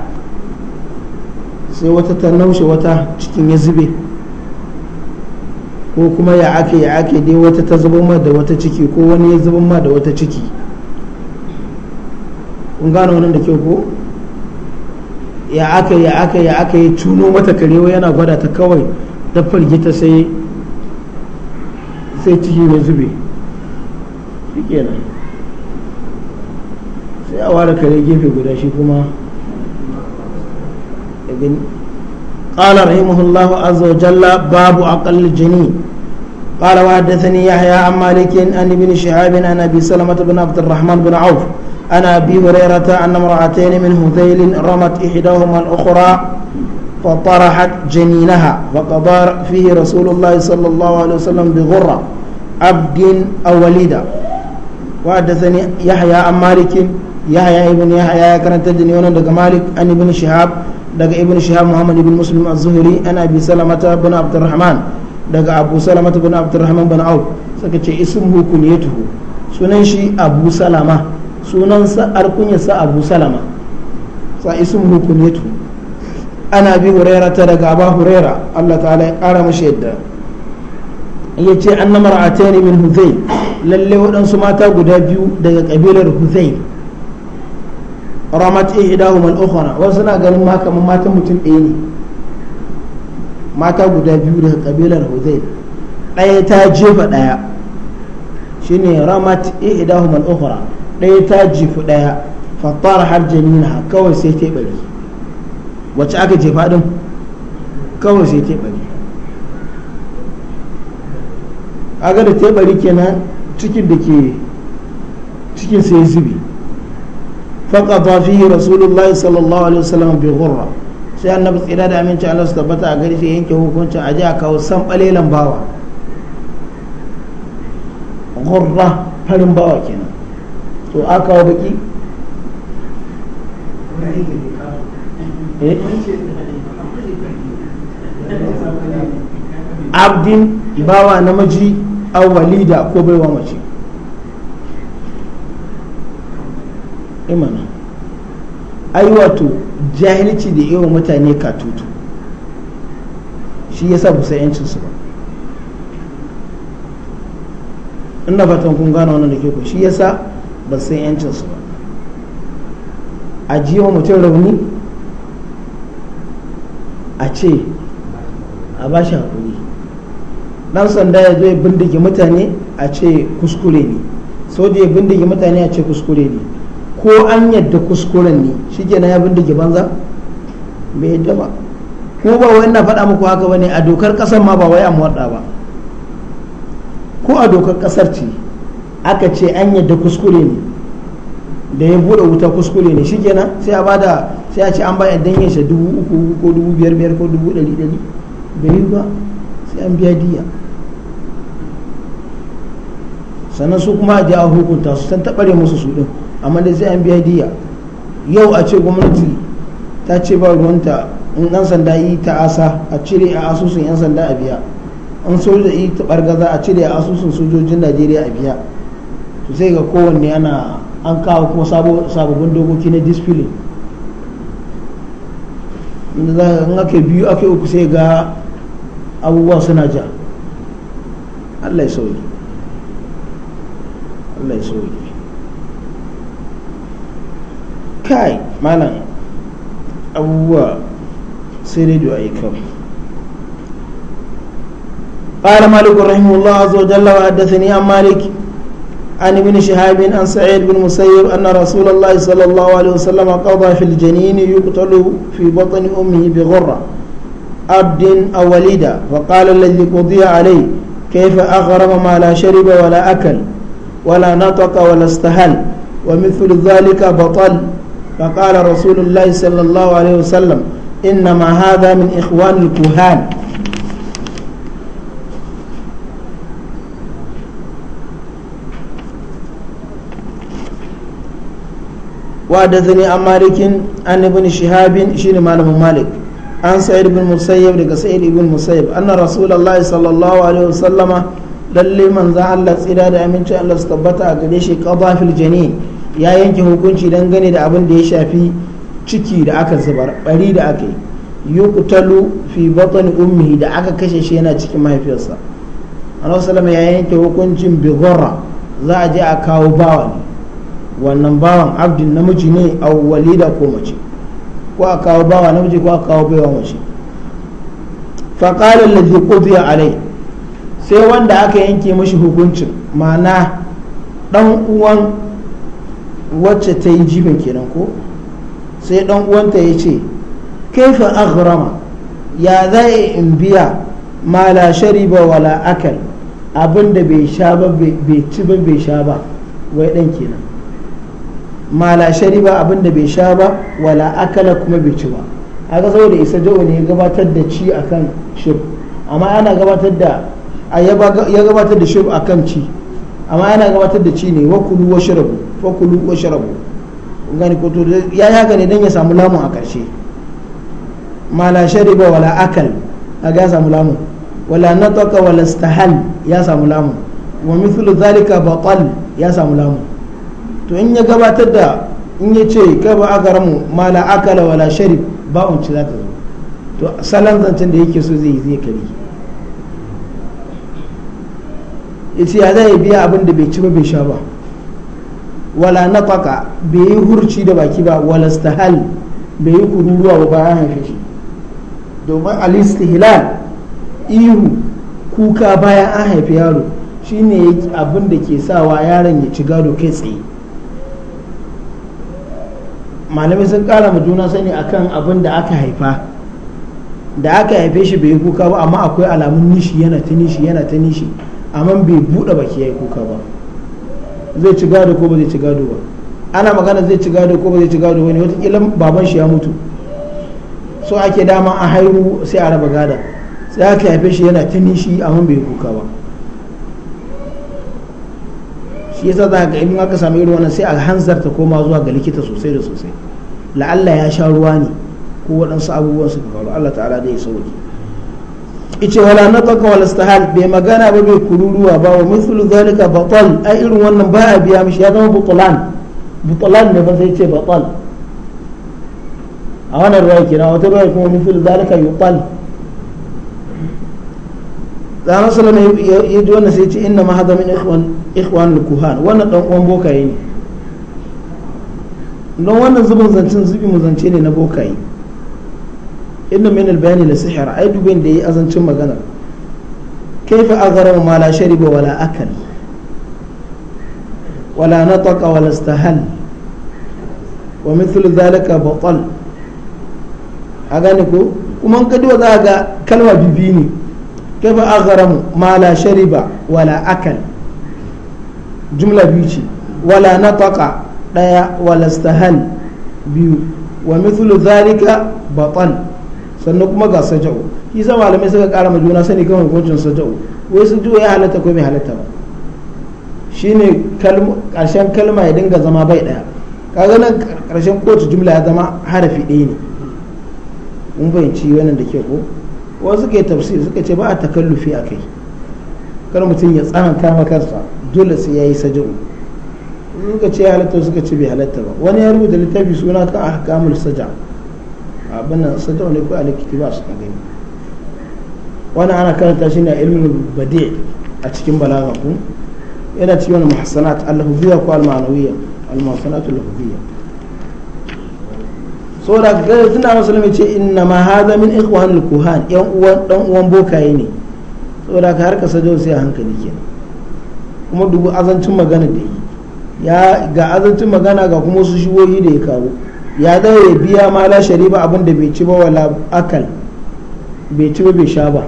sai wata ta naushe wata cikin ya zube ko kuma ya ake ya ake dai wata ta zubar ma da wata ciki ko wani ya zubar ma da wata ciki kun gane wannan da kyau ko ya aka ya aka ya aka yi tuno mata karewa yana gwada ta kawai da firgita sai sai ciki ya zube shi kenan sai a ware kare gefe guda shi kuma قال رحمه الله عز وجل باب أقل الجنين قال وحدثني يحيى عن مالك عن ابن شهاب عن ابي عن أبي هريرة أن امرأتين من هذيل رمت إحداهما الأخرى فطرحت جنينها فقضى فيه رسول الله صلى الله عليه وسلم بغرة عبد أو وليدة وحدثني يحيى عن مالك يحيى ابن يحيى كان تدني وانا دق مالك عن ابن شهاب دق ابن شهاب محمد بن مسلم الزهري أنا أبي سلمة بن عبد الرحمن دق أبو سلمة بن عبد الرحمن بن عوف سكتش اسمه كنيته سننشي أبو سلمة sunan alkunyarsa abu salama sa sun hukunetu ana bi huraira ta daga ba huraira Allah ta'ala ya kara mashi yadda ya ce an namar atani min huzai lalle waɗansu mata guda biyu daga ƙabilar huzai ramat idahu mal ukhra wasu na ganin ma kamar matan mutum ɗaya ne mata guda biyu daga ƙabilar huzai ɗaya ta jefa ɗaya shine ramat idahu mal ukhra ɗaya ta jifi ɗaya fattara har janina kawai sai ta ɓari wacce aka jefa ɗin kawai sai ta ɓari aga da ta ɓari kenan cikin da ke cikin sai zubi faƙaɗa fiye rasulullahi sallallahu alaihi wasallam bi gurra sai annabi tsira da aminci Allah su tabbata a gari sai yanke hukuncin aje a kawo san ɓalelan bawa gurra farin bawa kenan to a kawo baki eh? abdin bawa namiji a walida ko baiwa mace imana eh ai wato jahilci da yawa mutane katutu shi ya ba busa yancin su ba ina fatan kun gane wannan da ke ku shi sa ba san yancinsu ba a jiwa mutum rauni a ce a ba shi haƙuri ɗan sanda ya zo ya bindige mutane a ce kuskure ne soja ya bindige mutane a ce kuskure ne ko an yadda kuskuren ne shi ya bindige banza bai yadda ba ko ba wai na faɗa muku haka ba ne a dokar ƙasar ma ba wai a muwaɗa ba ko a dokar ƙasar ce aka ce an yadda kuskure ne da ya bude wuta kuskure ne shikenan sai a bada sai a ce an bayar dan yasha dubu uku ko dubu biyar biyar ko dubu ɗari ɗari bai yi ba sai an biya diya sannan su kuma a a hukunta su san taɓare musu su ɗin amma dai sai an biya diya yau a ce gwamnati ta ce ba ruwanta in ɗan sanda yi ta asa a cire a asusun 'yan sanda a biya an soja yi ta bargaza a cire a asusun sojojin najeriya a biya zai ga kowanne ana an kawo kuma sababbin dokoki na disfilin in ake biyu ake uku sai ga abubuwa suna ja allah ya sauki allah ya sauki kai malam abubuwa sai dai du'a yi kawai قال مالك رحمه الله عز وجل وحدثني عن مالك عن ابن شهاب عن سعيد بن مسيب أن رسول الله صلى الله عليه وسلم قضى في الجنين يقتل في بطن أمه بغرة عبد أو وليدا فقال الذي قضي عليه كيف أغرم ما لا شرب ولا أكل ولا نطق ولا استهل ومثل ذلك بطل فقال رسول الله صلى الله عليه وسلم إنما هذا من إخوان الكهان waɗanda zan yi amalikin an ibin shahabin shi ne malamin malik an sa'idu bin musayyaf daga sa'idu bin musayyaf annar rasulallah sallallahu alaihi wa sallama lallai manza allah tsira da aminci allah su tabbata a gajeriyar shi ƙazafil janea ya yanke hukunci don ganin da abin da ya shafi ciki da aka zubar bari da aka yi yau fi batsanin ummini da aka kashe shi yana cikin mahaifiyarsa. maroochydore ya yanke hukuncin bigharra za a je a kawo bawa wannan bawan abdin namiji ne a walida ko mace ko a kawo bawa namiji ko a kawo baiwa mace faƙalar lalzi ƙudiya alai sai wanda aka yanke mashi hukuncin ma'ana ɗan uwan wacce ta yi jibin kenan ko sai ɗan uwanta ya ce kaifa aghrama ya za in biya ma la shariba wala akal abinda da bai sha ba bai ci ba bai sha ba wai ɗan kenan ma la shariba abin da bai sha ba wala akala kuma bai ci ba ga saboda isa jawo ne ya gabatar da ci akan shir amma ana gabatar da ya gabatar da shir akan ci amma ana gabatar da ci ne wa kulu wa sharabu wa kulu wa sharabu gani ko to ya ya gane dan ya samu lamun a karshe ma la shariba wala akal a ya samu lamun wala nataka wala istahal ya samu lamun wa mithlu zalika batal ya samu lamun to in ya gabatar da in ya ce kai ba a mu ramu mala akala wala sharif ba un za zata zo to salon zancen da yake so zai zai kari yace ya zai biya abin da bai ci ba bai sha ba wala nafaka bai yi hurci da baki ba wala stahal bai yi kururuwa ba bayan haife shi domin alistihlal ihu kuka bayan an haifi yaro shine abin da ke sawa yaron ya ci gado kai tsaye malamai sun kara ma juna sani akan abin da aka haifa da aka haife shi bai yi kuka ba amma akwai alamun nishi yana ta nishi yana ta nishi amma bai buɗe baki ya yi kuka ba zai ci gado ko ba zai ci gado ba ana magana zai ci gado ko ba zai ci gado ba wata watakila baban shi ya mutu so ake dama a haihu sai a raba gada sai aka haife shi yana ta nishi amma bai yi kuka ba shi yasa za ga in aka samu irin wannan sai a hanzarta koma zuwa ga likita sosai da sosai la'alla ya sha ruwa ne ko waɗansu abubuwan suka faru Allah ta'ala da ya sauki ice wala na nataka wala istihal bai magana ba bai kururuwa ba wa mithlu zalika batal ai irin wannan ba a biya mishi ya zama bukulan bukulan ne ba sai ce batal a wannan ruwa kenan wata ruwa kuma mithlu zalika yutal da rasulullah ya ji wannan sai ce inna ma hada min ikhwan ikhwan kuhan wannan dan uwan bokaye ne don wannan zubin zancen zubi mu zance ne na bokaye inda min albayani la sihir ai dubin da yi azancin magana kaifa azara ma la shariba wala akal wala nataqa wala istahal wa mithl zalika batal a gane ko kuma an kadiwa za ga kalma bibi ne kaifa azara ma la shariba wala akal jumla biyu ce wala na taka ɗaya wala stahal biyu wa mithlu zalika batan sannan kuma ga saja'u shi sa malamai suka kara juna sani kan hukuncin saja'u wai su ya halatta ko mai halatta ba shine karshen kalma ya dinga zama bai daya kaga nan karshen kotu jumla ya zama harafi ɗaya ne mun fahimci wannan da ke ko wasu ke tafsir suka ce ba a takallufi a kai kar mutum ya tsananta makarsa dole sai ya yi saja'u in ka ce halatta suka ce bai halatta ba wani ya rubuta littafi suna kan ahkamul saja abin nan saja ne ko alikiti ba su gani wani ana karanta shi na ilmin bade a cikin balaga ku yana cikin wani mahasanat al-hufiyya ko al-ma'anawiyya al-muhassanat al-hufiyya saboda ga tunda musulmi ce inna ma hadha min ikhwan al-kuhan yan uwan dan uwan bokaye ne saboda ka harka sajo sai a hankali kenan kuma dubu azancin magana da yi ya ga azancin magana ga kuma su shigoyi da ya kawo ya dawo ya biya ma la shariba abin da bai ci ba wala akal bai ci ba bai sha ba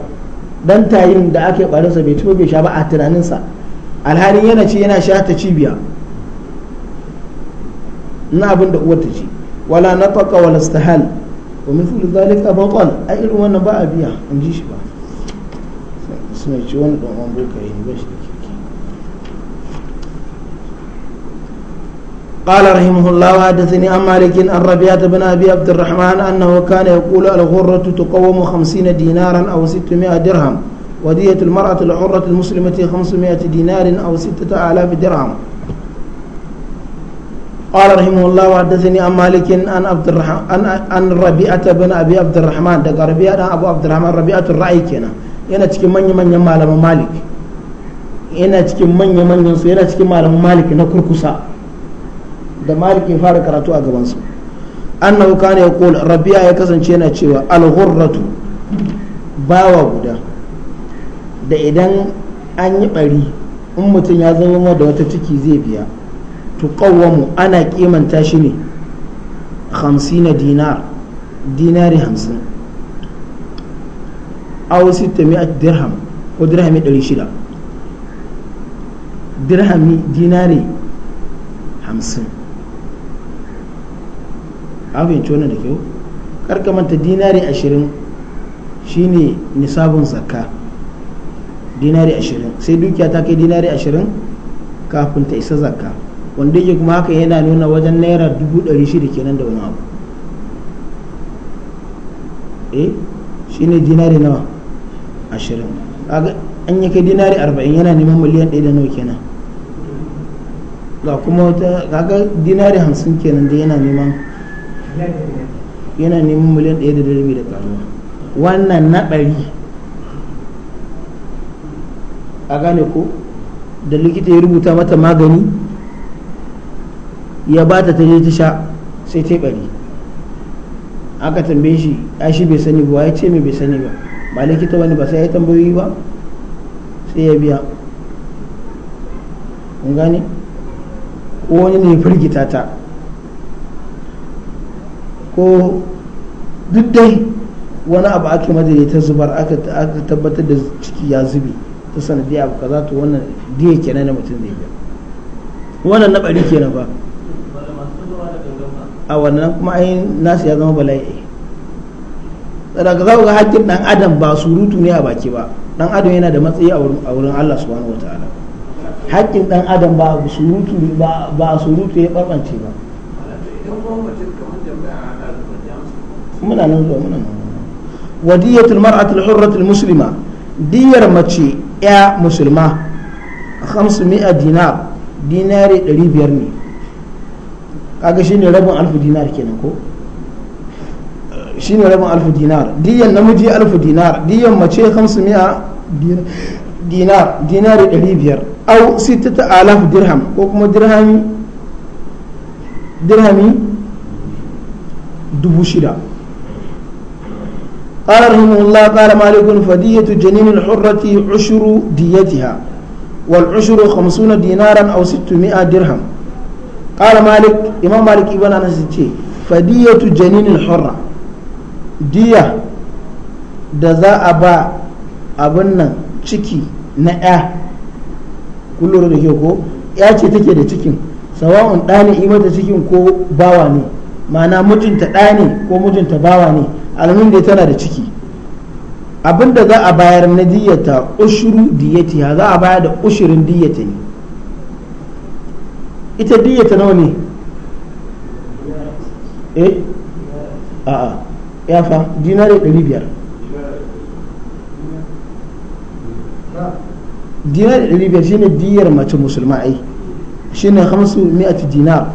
dan tayin da ake barinsa bai ci ba bai sha ba a tunaninsa alhalin yana ci yana sha ta cibiya na abin da uwar ta ci wala na nataqa wala istahal wa mithlu dhalika batal ai irin wannan ba a biya an ji shi ba suna ci wani ɗan wani boka yi ba shi da ke قال رحمه الله حدثني عن مالك عن ربيعة بن أبي عبد الرحمن أنه كان يقول الغرة تقوم خمسين دينارا أو ستمائة درهم ودية المرأة الحرة المسلمة خمسمائة دينار أو ستة آلاف درهم قال رحمه الله حدثني عن مالك عن عبد الرحمن عن ربيعة بن أبي عبد الرحمن دق ربيعة أبو عبد الرحمن ربيعة الرأي كنا yana cikin manya-manyan malaman malik yana cikin manya-manyan su yana cikin malaman malik na kurkusa da malik ya fara karatu a gabansu annahu kana yaqul rabi'a ya kasance yana cewa al-ghurratu bawa guda da idan an yi bari in mutum ya zama da wata ciki zai biya to qawwamu ana kimanta shi ne 50 dinar dinari 50 aw 600 dirham ko dirhami 600 dirhami dinari 50 an fahimci wannan da kyau karka manta dinari ashirin shine nisabin zakka dinari ashirin sai dukiya ta kai dinari ashirin kafin ta isa zakka wanda yake kuma haka yana nuna wajen naira dubu ɗari shida kenan da wani abu eh shine dinari nawa ashirin an yi kai dinari arba'in yana neman miliyan ɗaya da nawa kenan ga kuma wata kaga dinari hamsin kenan da yana neman yana neman miliyan ɗaya da rabi da karuwa wannan na ɗari a gane ko da likita ya rubuta mata magani ya ba ta je ta sha sai ta ɓari aka tambaye shi a shi bai sani ba ya ce mai bai sani ba ba likita wani ba sai ya tambayoyi ba sai ya biya kun gane ko wani ne ya firgita ta ko duk dai wani abu ake madari ta zubar aka tabbatar da ciki ya zube ta sanadiyya abu kaza to wannan diya kenan na mutum zai biya wannan na bari kenan ba a wannan kuma ainihin nasu ya zama bala'i ka za ga hakkin dan adam ba surutu ne a baki ba dan adam yana da matsayi a wurin Allah subhanahu wataala hakkin dan adam ba surutu ba surutu ya barbance ba muna nan zuwa muna nan wadiyatul mar'atul hurratul muslima diyar mace ya musulma 500 dinar dinari 500 ne kaga shine rabin alfu dinar kenan ko shine rabin alfu dinar diyan namiji alfu dinar diyan mace 500 dinar dinari 500 au 6000 dirham ko kuma dirhami dirhami dubu shida قال رحمه الله malikun مالك janinin جنين الحرة عشر ديتها والعشر خمسون دينارا أو ستمائة درهم قال مالك إمام مالك إبن أنس فدية جنين الحرة دية da za a ba abin nan ciki na ya kullum da ke ko ya ce take da cikin sawa'un ɗani imata cikin ko bawa ne ma'ana mijinta ɗani ko mijinta bawa ne alamin da tana da ciki abinda za a bayar na diyata ushuru diyatiha za a bayar da ushirin diyata ne ita diyata nawa ne eh a'a ya fa dinare 500 dinari 500 shine diyar mace musulma ai shine 500 dinar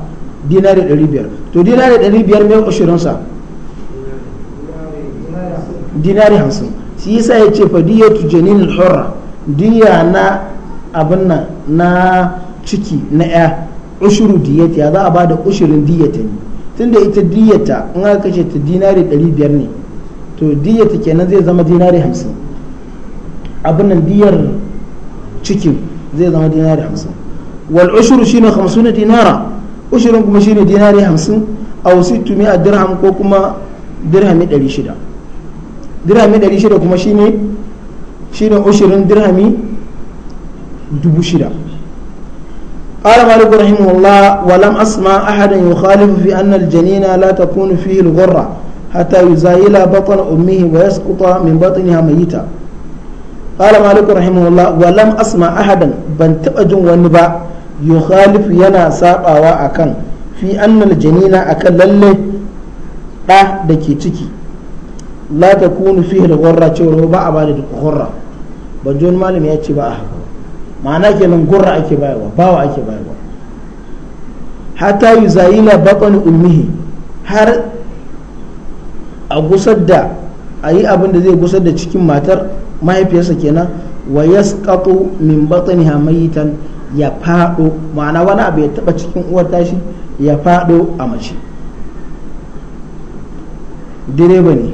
dinari 500 to dinari 500 mai ushirin sa dinari hamsin shi yasa ya ce fa diyatu janinil hurra diya na abin nan na ciki na ya ushuru diyata ya za a bada ushurin diyata ne tun da ita diyata in aka kashe ta dinari 500 ne to diyata kenan zai zama dinari hamsin abin nan diyar cikin zai zama dinari hamsin wal ushuru shi ne 50 dinara ushurin kuma shi ne dinari wasu aw 600 dirham ko kuma dirhami 600 dirhami 600 kuma shine shine ushirin dirhami 6000 قال مالك رحمه الله ولم أسمع أحدا يخالف في أن الجنين لا تكون فيه الغرة حتى يزايل بطن أمه ويسقط من بطنها ميتا قال مالك رحمه الله ولم أسمع أحدا بن تأجن ونبا يخالف ينا ساقا وأكن في أن الجنين أكل لله ɗa da ke ciki la kunu da da ghurra cewa ba a bada gurra ban jon malami ya ce ba a haka ma'ana kenan gurra ake bayarwa bawa ake bayarwa hatta yuzayila baqan ummihi har a gusar da a yi abin da zai gusar da cikin matar mahaifiyarsa kenan wa yasqatu min batniha mayitan ya fado ma'ana wani abu ya taba cikin uwar tashi ya faɗo a mace direba ne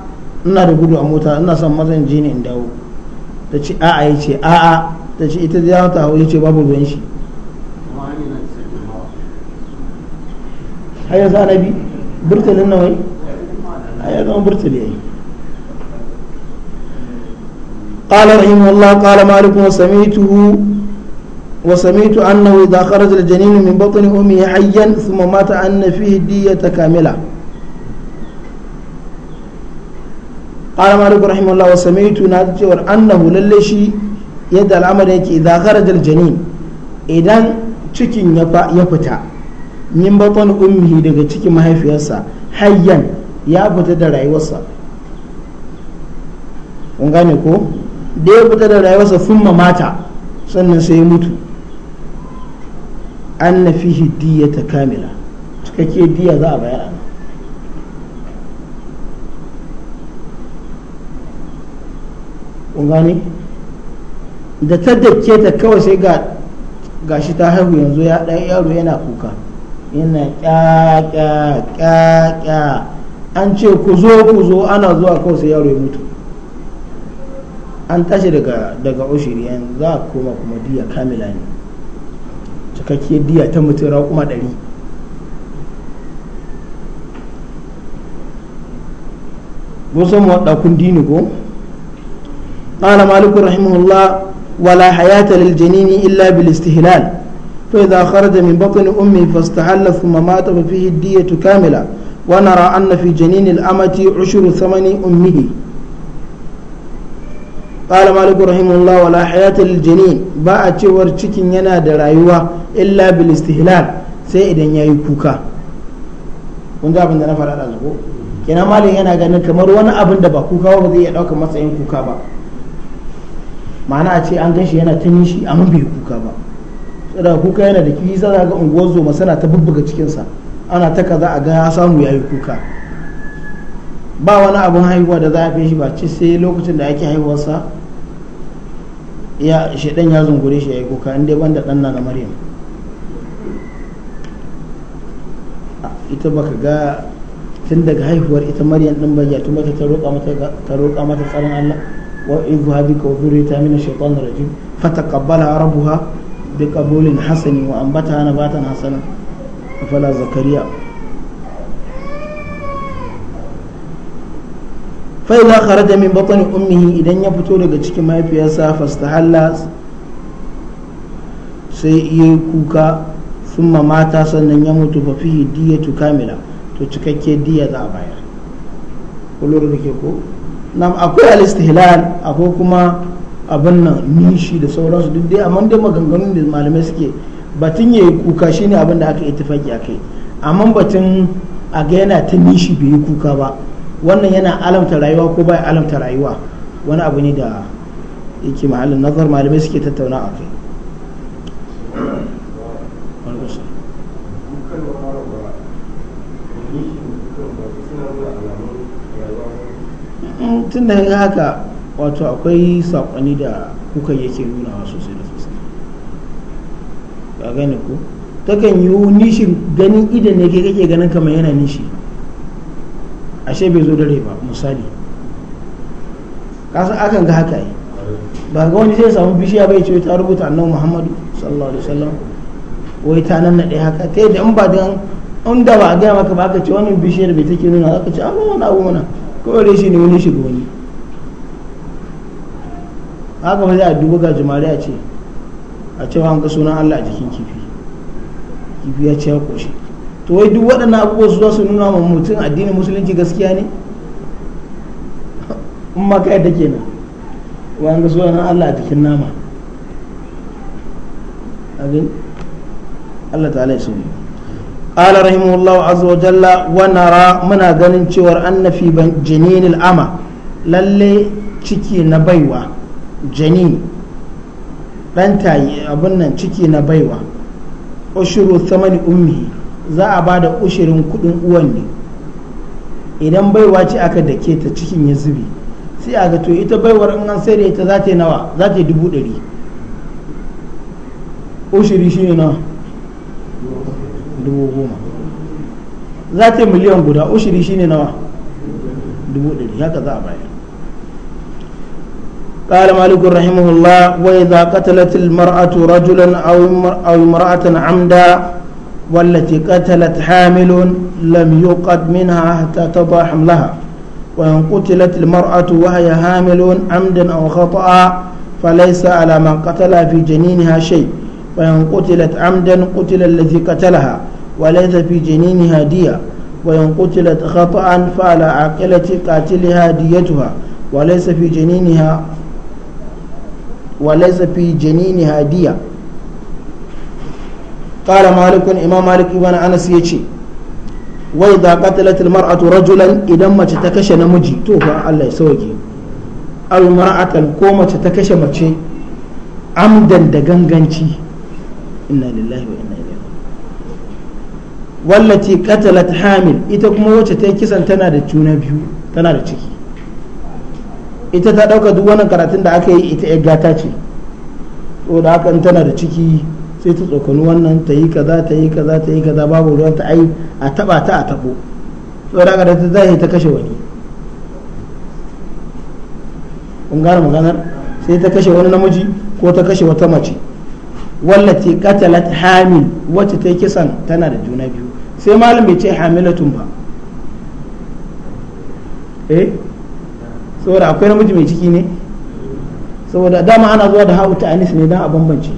ina da gudu a mota ina son mazan jini in dawo ta ce a'a ya ce a'a ta ce ita ya ta hau ya ce babu ruwan shi hayan sa na bi burtalin na wai hayan zama burtali ya yi ƙala rahimu Allah ƙala maliku wa samituhu wa samitu annahu idza kharaja al-janin min batni ummi hayyan thumma mata fi fihi ta kamila qala malik rahimahullah wa sami'tu na cewar annahu lalle shi yadda al'amarin yake idan kharajal idan cikin ya fita min batan ummihi daga cikin mahaifiyarsa hayyan ya fita da rayuwarsa kun gane ko da fita da rayuwarsa summa mata sannan sai mutu an na fihi diya ta kamila cikakke diya za a bayar gani da ta dake ta kawai sai ga gashi ta haihu yanzu ya ɗaya yaro yana kuka yana kya an ce ku zo ku zo ana zuwa kawai sai yaro ya mutu an tashi daga daga ushiri yanzu za a koma kuma diya kamila ne cikakke diya ta mutum kuma ɗari mun san mu ɗakun dini ko قال مالك رحمه الله ولا حياة للجنين إلا بالاستهلال فإذا خرج من بطن أمه فاستحل ثم مات ففيه الدية كاملة ونرى أن في جنين الأمة عشر ثمن أمه قال مالك رحمه الله ولا حياة للجنين باء تشور تشكين ينا درايوة إلا بالاستهلال سيدا يكوكا kun ga abin da na faɗa da kenan malin yana ganin kamar wani abin da ba kuka ba zai iya ɗaukar matsayin kuka ba ma'ana a ce an gan shi yana ta a amma bai kuka ba saboda kuka yana da kisa za ga unguwar zoma sana ta bubbuga cikinsa ana ta kaza a ga ya samu ya yi kuka ba wani abin haihuwa da za a fi shi ba ce sai lokacin da ake haihuwarsa ya shaidan ya zungure shi ya yi kuka inda ban da ɗanna na maryam ita ka ga tun daga haihuwar ita maryam ɗin tun ta roƙa mata tsarin allah وإذ هذه وذريتها من الشيطان الرجيم فتقبلها ربها بقبول حسن وأنبتها نباتا حسنا فلا زكريا فإذا خرج من بطن أمه إذا يفتو لك تشكي ما يفيسا فاستحل سيكوكا ثم مات سنن يموت ففيه دية كاملة تشككي دية ذا أباير قلوا لك يقول nam akwai al hilal akwai kuma abin nan nishi da sauransu duk dai amma dai maganganun da malamai suke batun ya yi kuka ne abin da aka yi a kai amma batun a ga yana ta nishi bai yi kuka ba wannan yana alamta rayuwa ko bai alamta rayuwa wani abu ne da yake mahallin nazar malamai suke tattauna a kai. tun da haka wato akwai saƙoni da kuka yake wasu sosai da sosai ba gani ko takan yi nishi ganin idan ne kake ganin kamar yana nishi ashe bai zo dare ba misali kasan akan ga haka yi ba ga wani zai samu bishiya bai ce ta rubuta annabi muhammadu sallallahu alaihi wasallam wai ta nan naɗe haka ta yadda in ba dan in da ba a gaya maka ba aka ce wani bishiyar bai take nuna ka ce an wani abu mana kawai shi ne wani shiga wani haka wani a ga gajimare a ce a ce an ga sunan allah a jikin kifi kifi ya ce ya koshi to wai duk waɗannan abubuwa su za su nuna ma mutum addinin musulunci gaskiya ne in ma kai da kenan an ga sunan allah a jikin nama abin allah ta halaye so ne قال رحمه الله عز وجل ونرى منا غنين cewar أن في جنين الأمة للي ciki na جنين jani ɗan tayi abin nan ciki na baiwa ushuru samani ummi za a ba da ushirin kuɗin uwan idan baiwa ce aka dake ta cikin ya zubi sai a ga to ita baiwar in an sai da ita za ta yi nawa za ta yi dubu ɗari ushiri shi ne nawa dubu goma za ta miliyan guda ushiri shine nawa dubu ɗari haka za a bayar قال مالك رحمه الله وإذا قتلت المرأة رجلا أو أو امرأة عمدا والتي قتلت حامل لم يقد منها حتى تضع حملها وإن قتلت المرأة وهي حامل عمدا أو خطأ فليس على من قتلها في جنينها شيء وإن قتلت عمدا قتل الذي قتلها وليس في جنينها دية وإن قتلت خطأ فعلى عاقلة قاتلها ديتها وليس في جنينها وليس في جنينها دية قال مالك إمام مالك بن أنس يجي وإذا قتلت المرأة رجلا إذا ما تتكش نمجي توفى الله يسوجي المرأة كومة تتكش مجي عمدا دغنغنشي inna lillahi wa inna ilaihi wallati qatalat hamil ita kuma wacce ta yi kisan tana da juna biyu tana da ciki ita ta dauka duk wannan karatun da aka yi ita yar gata ce to da haka tana da ciki sai ta tsokani wannan ta yi kaza ta yi kaza ta yi kaza babu ruwan ta ai a taba ta a tabo to da haka ta zai ta kashe wani kun gane maganar sai ta kashe wani namiji ko ta kashe wata mace wallace katalat hamil wacce ta kisan tana da juna biyu sai malam bai ce hamilatun ba eh saboda akwai namiji mai ciki ne saboda dama ana zuwa da ha'u anis ne don a bambance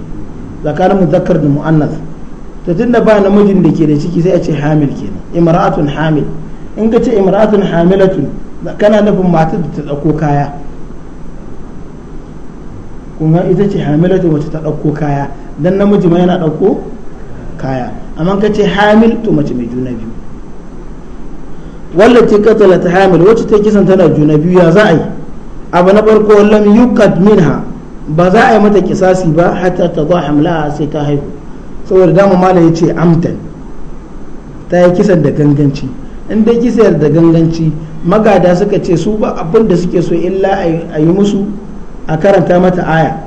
tsakanin muzakkar da mu'annas to tunda ba namijin da ke da ciki sai a ce hamil kenan imra'atun hamil in ka ce imra'atun hamilatun kana nufin matar da ta dauko kaya kuma ita ce hamilatun wacce ta dauko kaya dan namiji ma yana ɗauko kaya amma ka ce hamil to mace mai juna biyu wallati ka ta hamil wacce ta kisan tana juna biyu ya za a yi abu na farko lam yukad minha ba za a yi mata kisasi ba hatta ta zo hamla sai ta haihu saboda dama mala ya ce amtan ta yi kisan da ganganci in dai kisayar da ganganci magada suka ce su ba abin da suke so illa a yi musu a karanta mata aya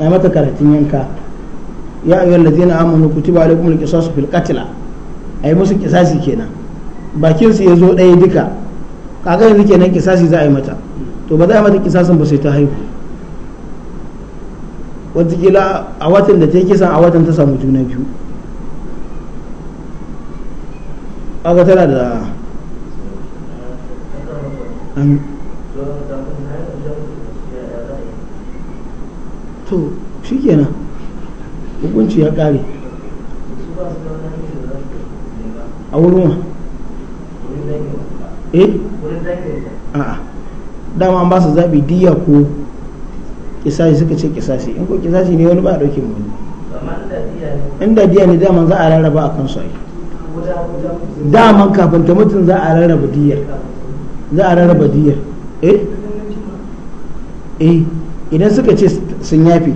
a yi mata karatun yanka ya ayyuhal ladzina amanu kutiba alaykumul qisasu fil qatl ai musu kisasi kenan bakin su yazo ɗaya duka kaga yanzu kenan kisasi za a yi mata to ba za a mata kisasin ba sai ta haihu watakila a watan da ta yi kisan a watan ta samu juna biyu kaga tana da to shikenan hukunci ya kare a wurin wa eh a'a dama an ba su zabi diya ko kisasi suka ce kisasi in ko kisasi ne wani ba a dauke mu inda diya ne dama za a rarraba a kansu ai dama kafin ta mutum za a rarraba diyar za a rarraba diya eh eh idan suka ce sun yafi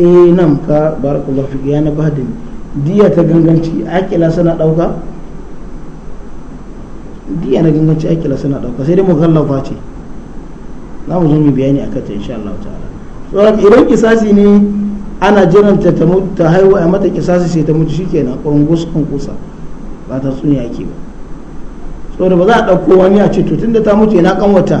eh nan ka barakallahu fi ya na bahadin diya ta ganganci akila suna dauka diya na ganganci akila suna dauka sai dai mu gallafa ce za mu zo mu bayani akan ta insha Allah ta'ala tsoron idan kisasi ne ana jiran ta ta mutu ta haihu a mata kisasi sai ta mutu shikenan kan kusa ba ta tsuniya yake ba saboda ba za a ɗauko wani a ce to tunda ta mutu yana kan wata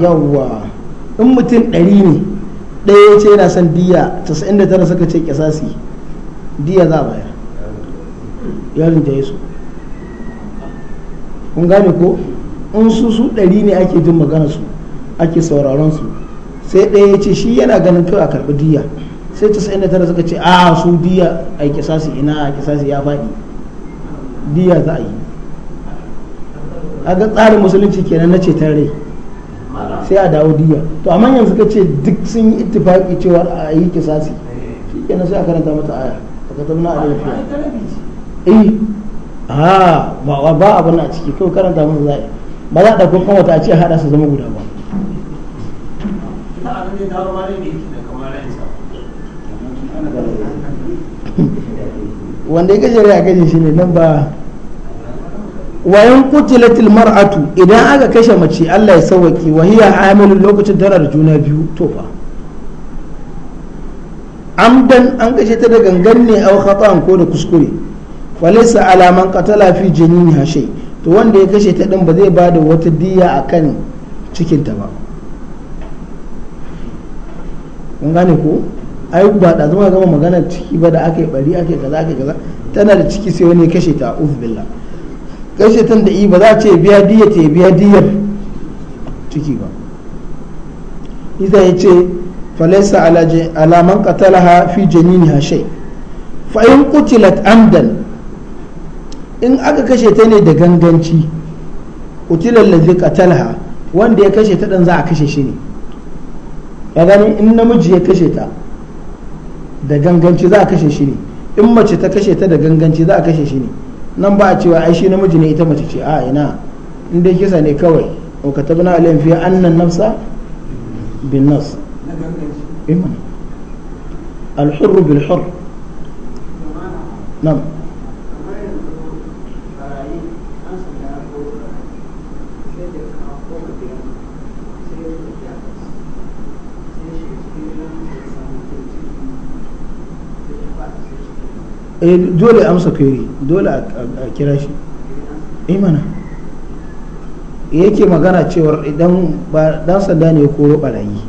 yawwa in mutum ɗari ne ɗaya ya ce yana son diya 99 suka ce kisasi diya za a bayar yarin da ya so kun gane ko in su su ɗari ne ake jin magana su ake sauraron su sai ɗaya ya ce shi yana ganin kawai a karɓi diya sai 99 suka ce a su diya a kisasi ina a kisasi ya faɗi diya za a yi a ga tsarin musulunci kenan na ceton rai sai a dawo diya to amma yanzu ka ce duk sun yi ittifaki cewa a yi kisasi shi kenan sai a karanta mata aya a ka tabbana a lafiya eh ha ba ba abin a ciki kawai karanta mata zai ba za a dauko kan wata a ce hada su zama guda ba wanda ya gajere a gajin shi ne nan ba wayan kutilatil mar'atu idan aka kashe mace Allah ya sauwaki wa hiya hamilu lokacin tana da juna biyu to fa amdan an kashe ta da gangan ne aw khata'an ko da kuskure laysa ala man qatala fi janiniha shay to wanda ya kashe ta din ba zai bada wata diya akan cikin ta ba kun gane ko ai ba da zama gama magana ciki ba da yi bari yi kaza yi kaza tana da ciki sai wani kashe ta uzbillah kashe tun da ba za a ce biya diya ta biya diyar ciki ba idan ya ce falaisa alaman ha fi janiniha ha shai fa'in kutilat amdan in aka kashe ta ne da ganganci qutila allazi qatalaha wanda ya kashe ta dan za a kashe shi ne ya gani in namiji ya kashe ta da ganganci za a kashe shi ne in mace ta kashe ta da ganganci za a kashe shi ne nan ba a cewa ai shi namiji ne ita mace ce a ina in dai kisa ne kawai o ka tabna alayhim fi annan nafsa bin nas iman eh bil eh dole amsa query dole a kira shi imana eh mana yake magana cewar idan ba dan sanda ne ko barayi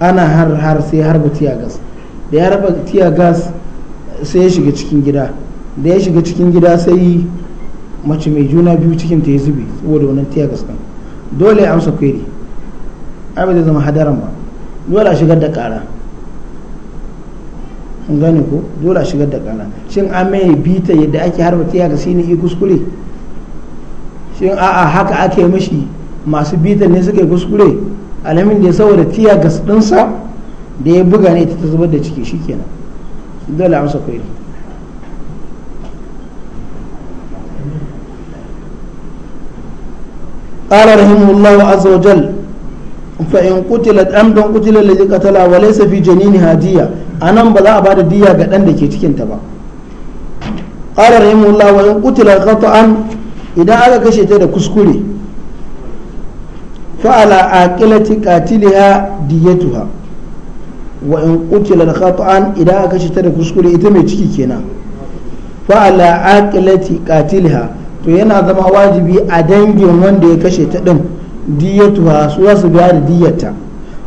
ana har har sai harba tiya gas da ya raba tiya gas sai ya shiga cikin gida da ya shiga cikin gida sai mace mai juna biyu cikin ta ya zube saboda wannan tiya gas kan dole ya amsa query abin da zama hadaran ba dole a shigar da kara an gane ko dole a shigar da kana shin an mai bita yadda ake harba tiya ga sini yi kuskure shin a'a haka ake mashi masu bita ne suka yi kuskure alamin da ya saboda tiya ga ɗinsa da ya buga ne ta zubar da ciki shikenan dole a masa kwairi قال رحمه الله عز وجل فإن قتلت عمدا قتل الذي قتلها وليس في جنينها دية anan ba za a bada diya ga dan da ke cikin ta ba qala rahimullah wa in qutila qat'an idan aka kashe ta da kuskure fa ala aqilati qatiliha diyatuha wa in qutila qat'an idan aka kashe ta da kuskure ita mai ciki kenan fa ala aqilati qatiliha to yana zama wajibi a dangin wanda ya kashe ta din diyatuha su za su biya da diyarta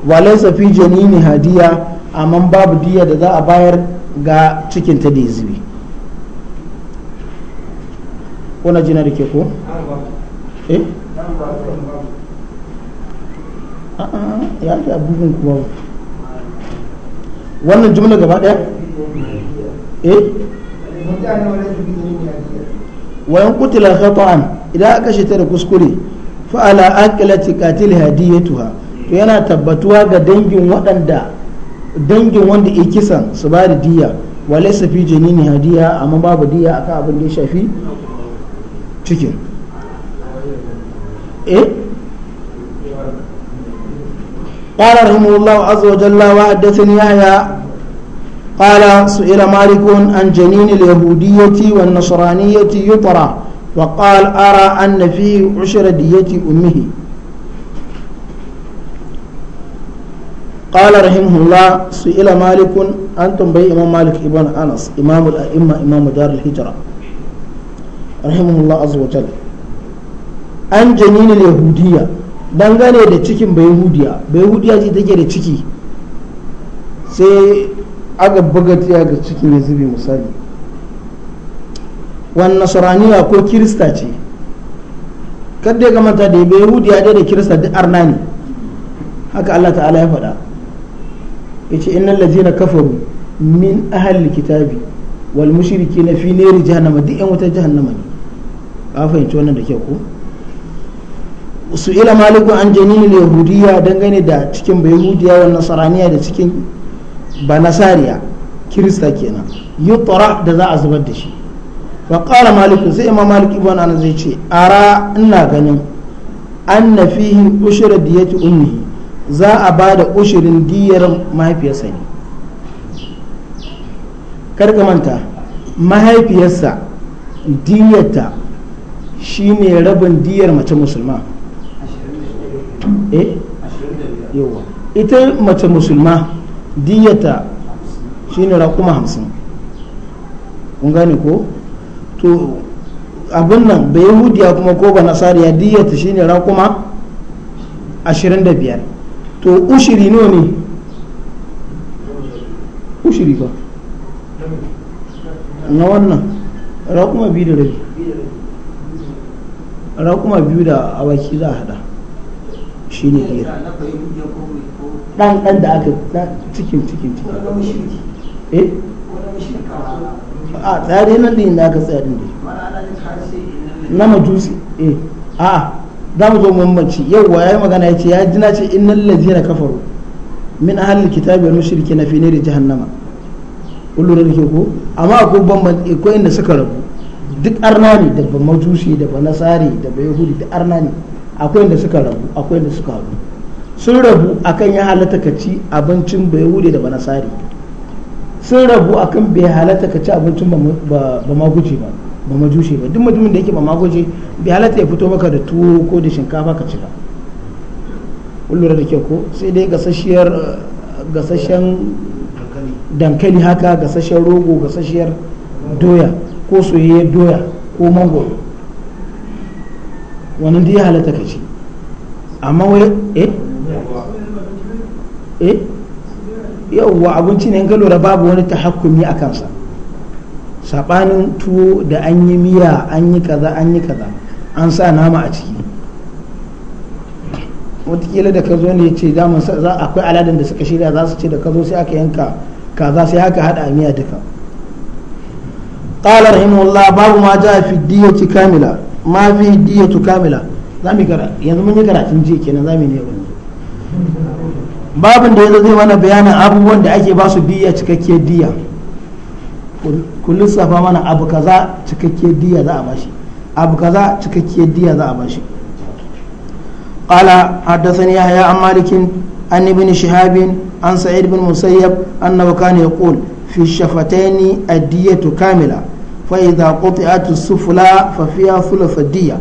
wa laysa fi janini hadiya amma babu diya da za a bayar ga cikin ta da ya zube kuna jina da ke ko? eh? ya ke abubuwan kuma wannan jumla gaba daya? eh? wayan kutila khata'an idan aka shi ta da kuskure fa'ala akilati katil hadiyatuha to yana tabbatuwa ga dangin waɗanda dangin wanda ya kisan su ba da diya wa su fi janini hadiya amma babu diya akan abin da ya shafi cikin eh قال رحمه الله عز وجل وحدثني يحيى قال سئل مالك عن جنين اليهودية والنصرانية يطرى وقال أرى أن فيه عشر دية أمه قال رحمه su سئل مالك an بي imam مالك ابن دار رحمه hijra عز وجل جنين dangane da cikin bayhudiya bayhudiya ce take da ciki sai aga buga ga cikin ya zube misali wannan nasaraniya ko kirista ce kada ya gamata da bayhudiya da kirista duk arna ne haka Allah ta'ala ya faɗa yace innal ladzina kafaru min ahli kitabi wal mushrikina fi nari jahannama duk yan wata jahannama ne ka fahimci wannan da kyau ko su ila maliku an janinil yahudiya dangane da cikin bayahudiya wal nasaraniya da cikin banasariya kirista kenan yutara da za a zubar da shi fa qala maliku sai imam malik ibn anas zai ce ara ina ganin anna fihi ushra diyati ummihi za a ba da ushirin diyar mahaifiyarsa ne karka manta mahaifiyarsa diyarta shi ne rabin diyar mace musulma eh? ita mace musulma diyarta shi ne rakuma hamsin kun gane ko to abin nan bai yahudiya kuma ko ba nasariya diyarta shi ne rakuma ashirin da biyar to ushiri nawa ne ushiri ba na wannan raƙuma biyu da rabi raƙuma biyu da awaki za a hada shi ne biyar ɗan ɗan da aka cikin cikin cikin eh a tsari dai nan da aka tsaya da yi na majusi eh a za mu zo bambanci yau wa yayi magana yace ya jina na ce innal ladzina kafaru min ahlil kitabi wal na fi nari jahannama kullu da ke ko amma ko bambanci ko inda suka rabu duk arna ne da ba majusi da ba nasari da ba yahudi da arna ne akwai inda suka rabu akwai inda suka rabu sun rabu akan ya halatta ka ci abincin ba yahudi da ba nasari sun rabu akan bai halatta ka ci abincin ba maguci ba ba jushe ba duk mutumin da yake ba magoje bi halatta ya fito maka da tuwo ko da shinkafa ka ci ba da kyau ko sai dai gasasshiyar uh, gasashen dankali haka gasashen rogo gasasshiyar doya ko soyayyar doya ko mangoro wannan duk ya halatta ka ci amma wai eh eh yawwa abinci ne in ka lura babu wani tahakkumi a kansa saɓanin tuwo da an yi miya an yi kaza an yi kaza an sa nama a ciki watakila da ka zo ne ce daman za akwai aladan da suka shirya za su ce da ka zo sai aka yanka kaza sai aka hada a miya duka qala rahimahullah babu ma ja fi diyati kamila ma fi diyatu kamila zamu gara yanzu mun yi karatun jiya kenan zamu ne wani babin da yanzu zai mana bayanin abubuwan da ake ba su diya cikakkiyar diya kullum safa mana abu kaza cikakke diya za a bashi abu kaza cikakke diya za a bashi qala haddathani yahya an malikin an ibn shihab an sa'id bin musayyab annahu kana yaqul fi shafataini ad kamila fa idha quti'at as-sufla fa fiha thuluth ad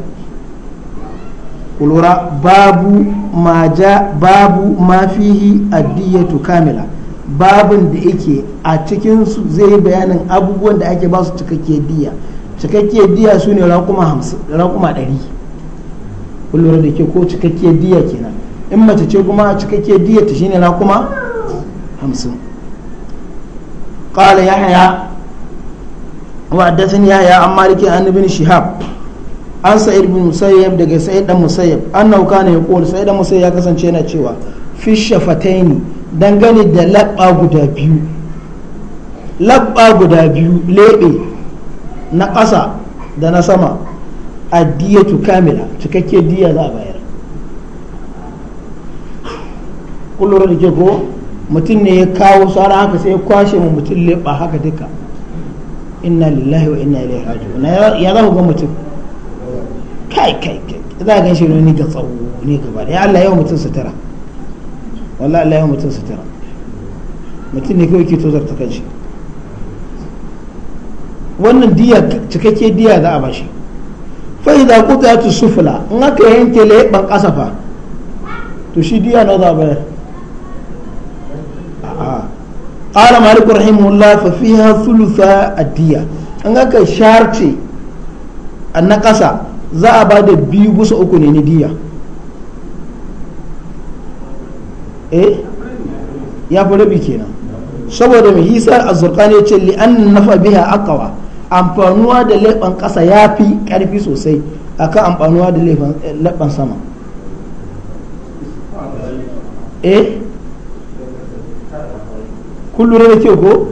kulura babu ma ja babu ma fihi ad kamila babin da yake a cikin su zai bayanin abubuwan da ake ba su cikakke diya cikakke diya su ne rakuma ɗari kullum da ke ko cikakke diya ke nan in mace ce kuma cikakke diya ta shine rakuma hamsin ƙala ya haya wa addasin ya haya an maliki an shihab an sa'id bin musayyab daga sa'id dan musayyab an nauka ne ya kowar sa'id dan musayyab ya kasance na cewa fi shafataini dangane da labba guda biyu labba guda biyu lebe na ƙasa da na sama a diyatu kamila cikakke diya za a bayar kullum da ke ko mutum ne ya kawo tsara haka sai ya kwashe mu mutum leba haka duka inna lillahi wa inna ilaihi raji'un ya za ku ga mutum kai kai kai za a gan shi ne ga tsawo ne gaba da ya Allah yau mutum sutura wallahi Allah ya mutum sutura mutum ne kawai ke tozar ta kanshi wannan diya cikakke diya za a bashi fa idza qutatu sufla in aka yanke leban kasafa to shi diya na za a bayar قال مالك رحمه الله ففيها a diya an aka sharce a na ƙasa za a ba da biyu bisa uku ne ni diya eh ya fi rabi kenan saboda mai hisa azurkani ya ce li'an nafa a akawa amfanuwa da leɓen ƙasa ya fi ƙarfi sosai akan amfanuwa da eh, leɓen sama eh kun da ke ko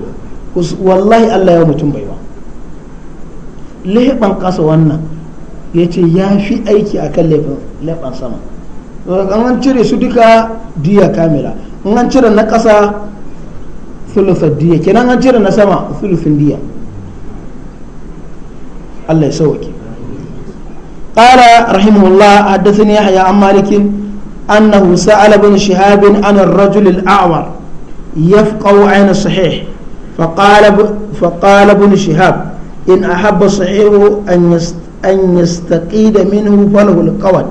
wallahi allah ya mutum baiwa leɓen ƙasa wannan ya ce ya fi aiki akan leɓen sama an cire su duka diya kamila in an cire na ƙasa fulufin diya kenan an cire na sama fulufin diya Allah ya sauke قال رحمه الله حدثني يحيى عن مالك أنه سأل بن شهاب عن الرجل الأعور يفقه عين الصحيح فقال ب... فقال ابن شهاب إن أحب الصحيح أن يست... أن يستقيد منه فله القول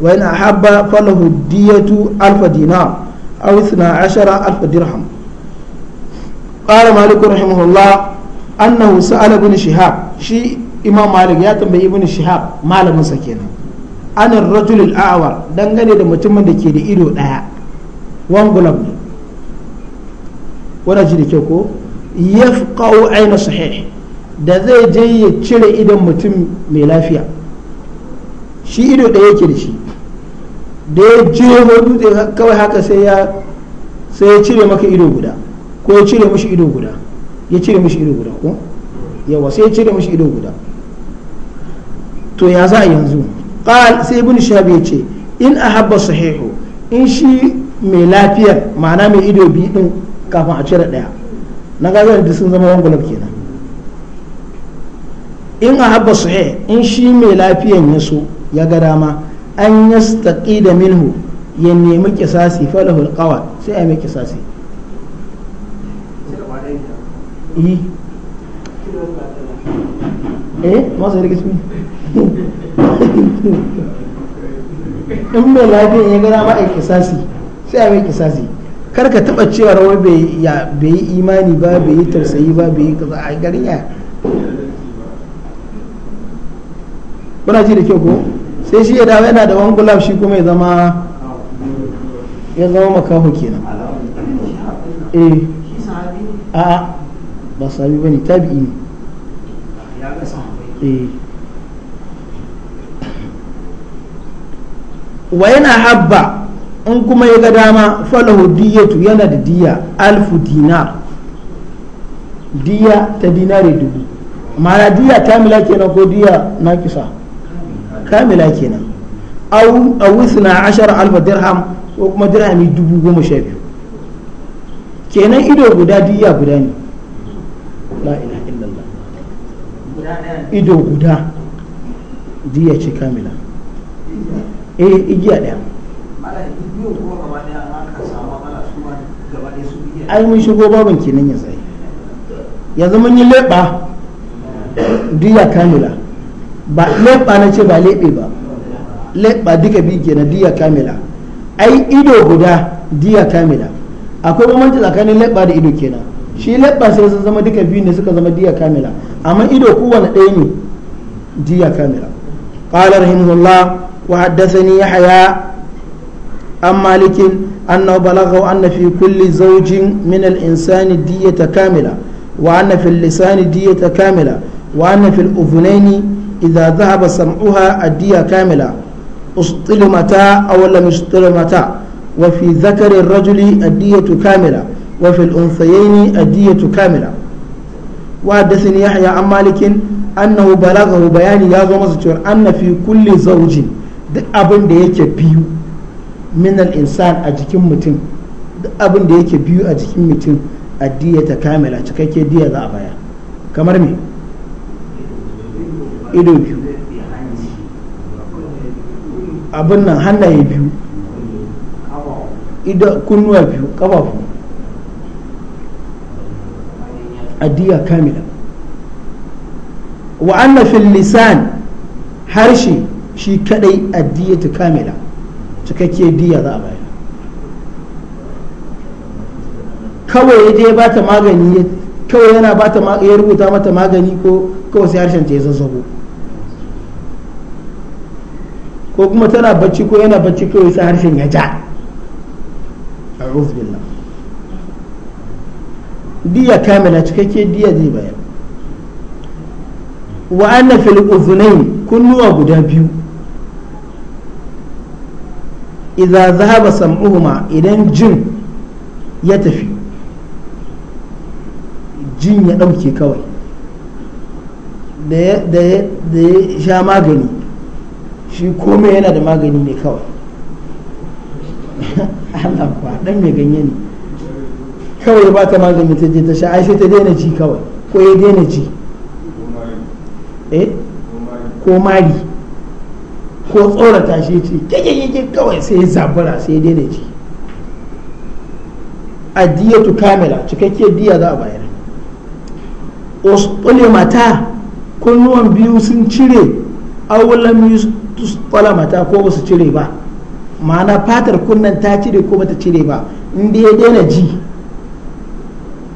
وإن أحب فله الدية ألف دينار أو اثنا عشر ألف درهم قال مالك رحمه الله أنه سأل ابن شهاب شي إمام مالك ياتم تنبي ابن شهاب ما لم سكينه أنا الرجل الأعور دنغني da mutumin da ke da ido daya wan كوكو ne عين صحيح da da zai je ya cire idan mutum mai lafiya shi ido ɗaya yake da shi da ya jeho dutse kawai haka sai ya sai ya cire maka ido guda ko ya cire mishi ido guda ya cire mishi ido guda ko yawa sai ya cire mishi ido guda to ya za a yanzu qal sai ibn shabi ya ce in ahabba sahihu in shi mai lafiyar ma'ana mai ido biyu din kafin a cire daya na ga da sun zama wangulab kenan in ahabba sahih in shi mai lafiyan ya so ya ga dama an yastaqi da minhu ya nemi kisasi falahul qawa sai a mai kisasi eh, eh masu yi su in mai lafiya ya gana ma a kisasi sai a mai kisasi kar ka taba cewa rawar bai yi imani ba bai yi tausayi ba bai yi kaza a garin ya kuna ji da kyau ko sai shi ya dawo yana da wani gulab shi kuma ya zama ya zama makaho kenan eh a ba sabi ta tabi'i ne eh. wa yana habba in kuma ya ga dama falahu diyatu yana da diya alfu dinar diya ta dinare dubu ma'ana diya ta mila kenan ko diya na kisa kamila kenan aw aw isna ashara alfa dirham ko kuma dirhami dubu goma sha biyu kenan ido guda diya guda ne la ilaha illallah ido guda diya ce kamila eh igiya daya ai mun shigo babin kenan ya tsaye yanzu mun yi leɓa diya kamila ba leɓa na ce ba leɓe ba leɓa duka biyu kenan diya kamila ai ido guda diya kamila akwai bambanci tsakanin leɓa da ido kenan shi leɓa sai sun zama duka biyu ne suka zama diya kamila amma ido kowane ɗaya ne diya kamila قال رحمه الله وحدثني يحيى عن مالك أنه بلغه أن في كل زوج من الإنسان دية كاملة وأن في اللسان دية كاملة وأن في الأذنين idan za a ba samu ha a diya kamila ustil mata a wala rajuli a diya tu kamila wa fi lunsayeni a diya tu kamila wa da sun an malikin an na hubala ga ya zo masu cewar an na fi kulle zaujin duk abin yake biyu minal insan a jikin mutum duk abin yake biyu a jikin mutum a diya ta kamila cikakke diya a baya kamar mai ido biyu abin nan hannaye biyu ido kunnuwa biyu ƙafafu adiya kamila wa anna fil lisan harshe shi kadai ta kamila cikakke diya za a bayar kawai ya je ba ta magani kawai yana ba ta ya rubuta mata magani ko kawai sai harshen ta ya zazzabo ko kuma tana bacci ko yana bacci ko sai harshen ya ja diya kamila cikakke diya zai bayar wa anna fil uzunayn kunnuwa guda biyu idza zahaba sam'uhuma idan jin ya tafi jin ya ɗauke kawai da ya sha magani shi komai yana da magani ne kawai <laughs> Allah kuwa dan mai ganye ne kawai ba bata magani ta je ta sha ai sai ta daina ji kawai ko ya daina ji? Eh? ko mari ko tsorata shi ce kekekeke kawai sai ya zabura sai ya daina ji a diyatu kamila cikakkiyar diya za a bayar usquli mata kunnuwan biyu sun cire awlam mata ko ba su cire ba ma'ana fatar kunnan ta cire ko bata cire ba in dai ya daina ji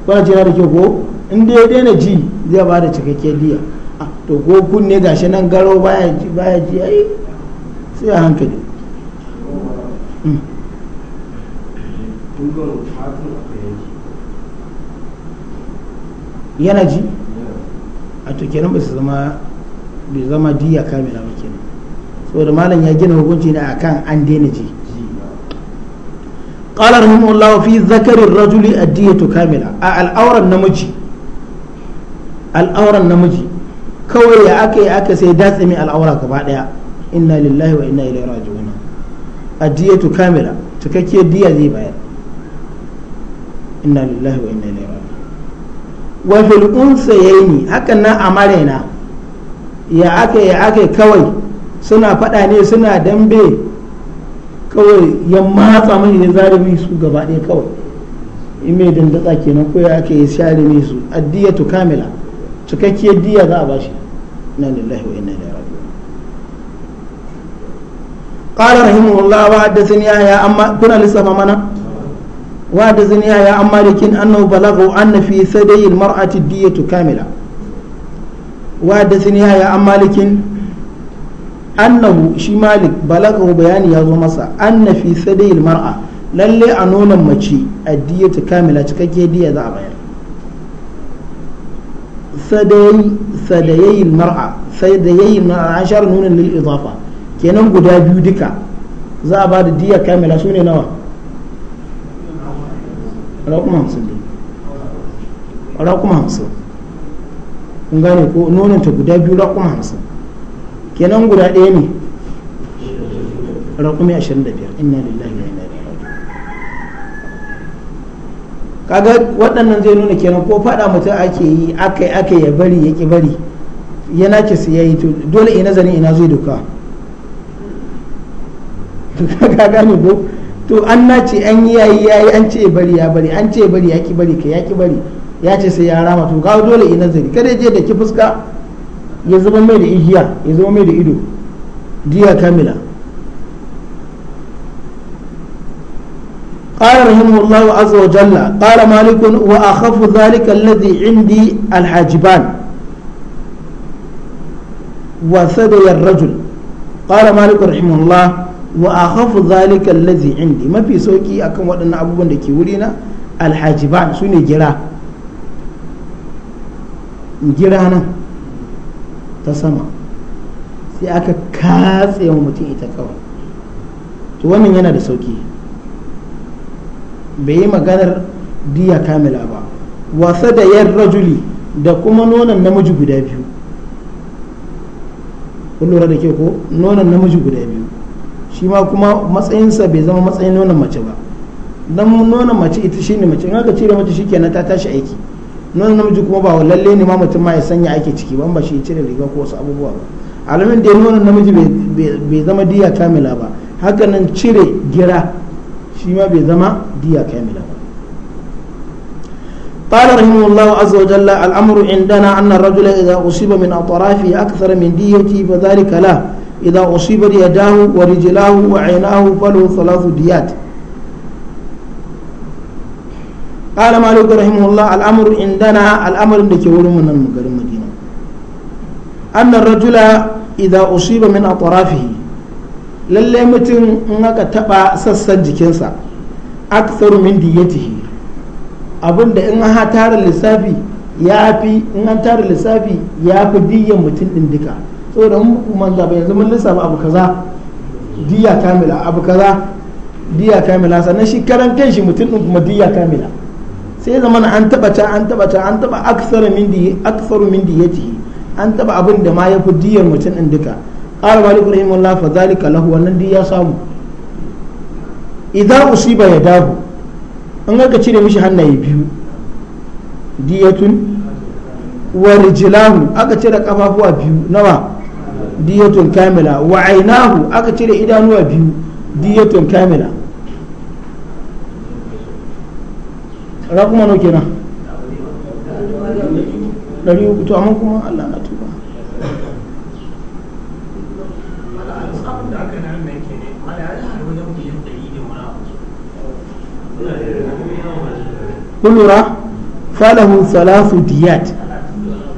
kuna jira da ke ko in dai ya daina ji zai ba da cikakken diya ah, to ko kunne gashi nan garo baya ji baya ji ai sai a hankali hmm. yana ji a to kenan ba su zama bai zama diya kamila ba saboda malam ya gina hukunci ne akan an daina ji qala rahimahullahu fi zakarin rajuli addiyatu kamila a al'auran namiji al'auran namiji kawai ya aka yi aka sai datse mai al'aura gaba daya inna lillahi wa inna ilaihi raji'un addiyatu kamila cikakkiyar diya zai bayar inna lillahi wa inna ilaihi raji'un wa fil unsayaini hakan na a marena ya aka ya aka kawai suna faɗa ne suna dambe kawai ya matsa mai ya zare su gaba ɗaya kawai in mai dandatsa kenan ko ya ake ya share su su addiyatu kamila cikakkiya diya za a bashi na lillahi wa inna ilaihi raji'un qala rahimahullah wa haddathani ya amma kuna lissafa mana wa haddathani ya amma lakin annahu balaghu anna fi sadai al-mar'ati diyatu kamila wa haddathani ya amma lakin annahu shi malik balagahu bayani ya zo masa anna fi sadayil mar'a lalle a nonon mace addiyata kamila cikakke diya za a bayar sadai mar'a mar'a an share nonon lil idafa kenan guda biyu duka za a ba da diya kamila sune nawa rakuma hamsin ne rakuma hamsin kun gane ko nonon ta guda biyu rakuma hamsin kenan guda ɗaya ne raƙumi 25 inna lillahi wa inna kaga waɗannan zai nuna kenan ko faɗa mutum ake yi yi aka ya bari ya ki bari yana ce su yayi to dole ina zane ina zai doka <laughs> ka gane ko to an nace an yi yayi yayi an ce bari ya bari an ce bari ya ki bari ka ya ki bari ya ce sai ya rama to ga dole ina zari kada je da ki fuska ya zama mai da igiya ya zama mai da ido diya kamila قال رحمه الله عز وجل قال مالك وأخف ذلك الذي عندي الحاجبان وثدي الرجل قال مالك رحمه الله وأخف ذلك الذي عندي ما في سوكي أكم ودنا أبو بندكي ولينا الحاجبان سوني جرا جرانا ta sama sai aka katse wa mutum ita kawai to wannan yana da sauki bai yi maganar diya kamila ba wasa da yan rajuli da kuma nonon namiji guda biyu kun lura da ke ko nonon namiji guda biyu shi ma kuma matsayinsa bai zama matsayin nonon mace ba don nonon mace ita shine mace in aka cire mace shikenan ta tashi aiki nan namiji kuma ba lalle ne ma mutum ma ya sanya ake ciki ban ba shi cire riga ko wasu abubuwa ba alamin da nuna namiji bai zama diya kamila ba haka nan cire gira shi ma bai zama diya kamila ba قال رحمه الله عز وجل الأمر عندنا أن الرجل إذا أصيب من أطرافه أكثر من ديته فذلك ya إذا أصيب يداه ورجلاه وعيناه فله ثلاث ديات قال مالك رحمه الله الأمر عندنا الأمر لكي من المقر المدينة أن الرجل إذا أصيب من أطرافه lalle mutum in aka taɓa sassan jikinsa aktharu min diyatihi abinda in ha tara lissafi ya fi in an tara lissafi ya fi diyan mutum din duka saboda mun manza zaba yanzu mun lissafa abu kaza diya kamila abu kaza diya kamila sannan shi karan kan shi mutum din kuma diya kamila sai zama an taba ta an taba ta an taba aksara min di aksaru min an taba abin da ma ya fi diyar mutum din duka qala malik rahimahullah fa zalika lahu wannan di ya samu idan usiba ya dahu an ga cire mishi hannaye biyu diyatun wa rijlahu aka cire kafafuwa biyu nawa diyatun kamila wa ainahu aka cire idanuwa biyu diyatun kamila kuma no kenan ɗari uku to amma kuma Allah na tuba kulura falahu salasu diyat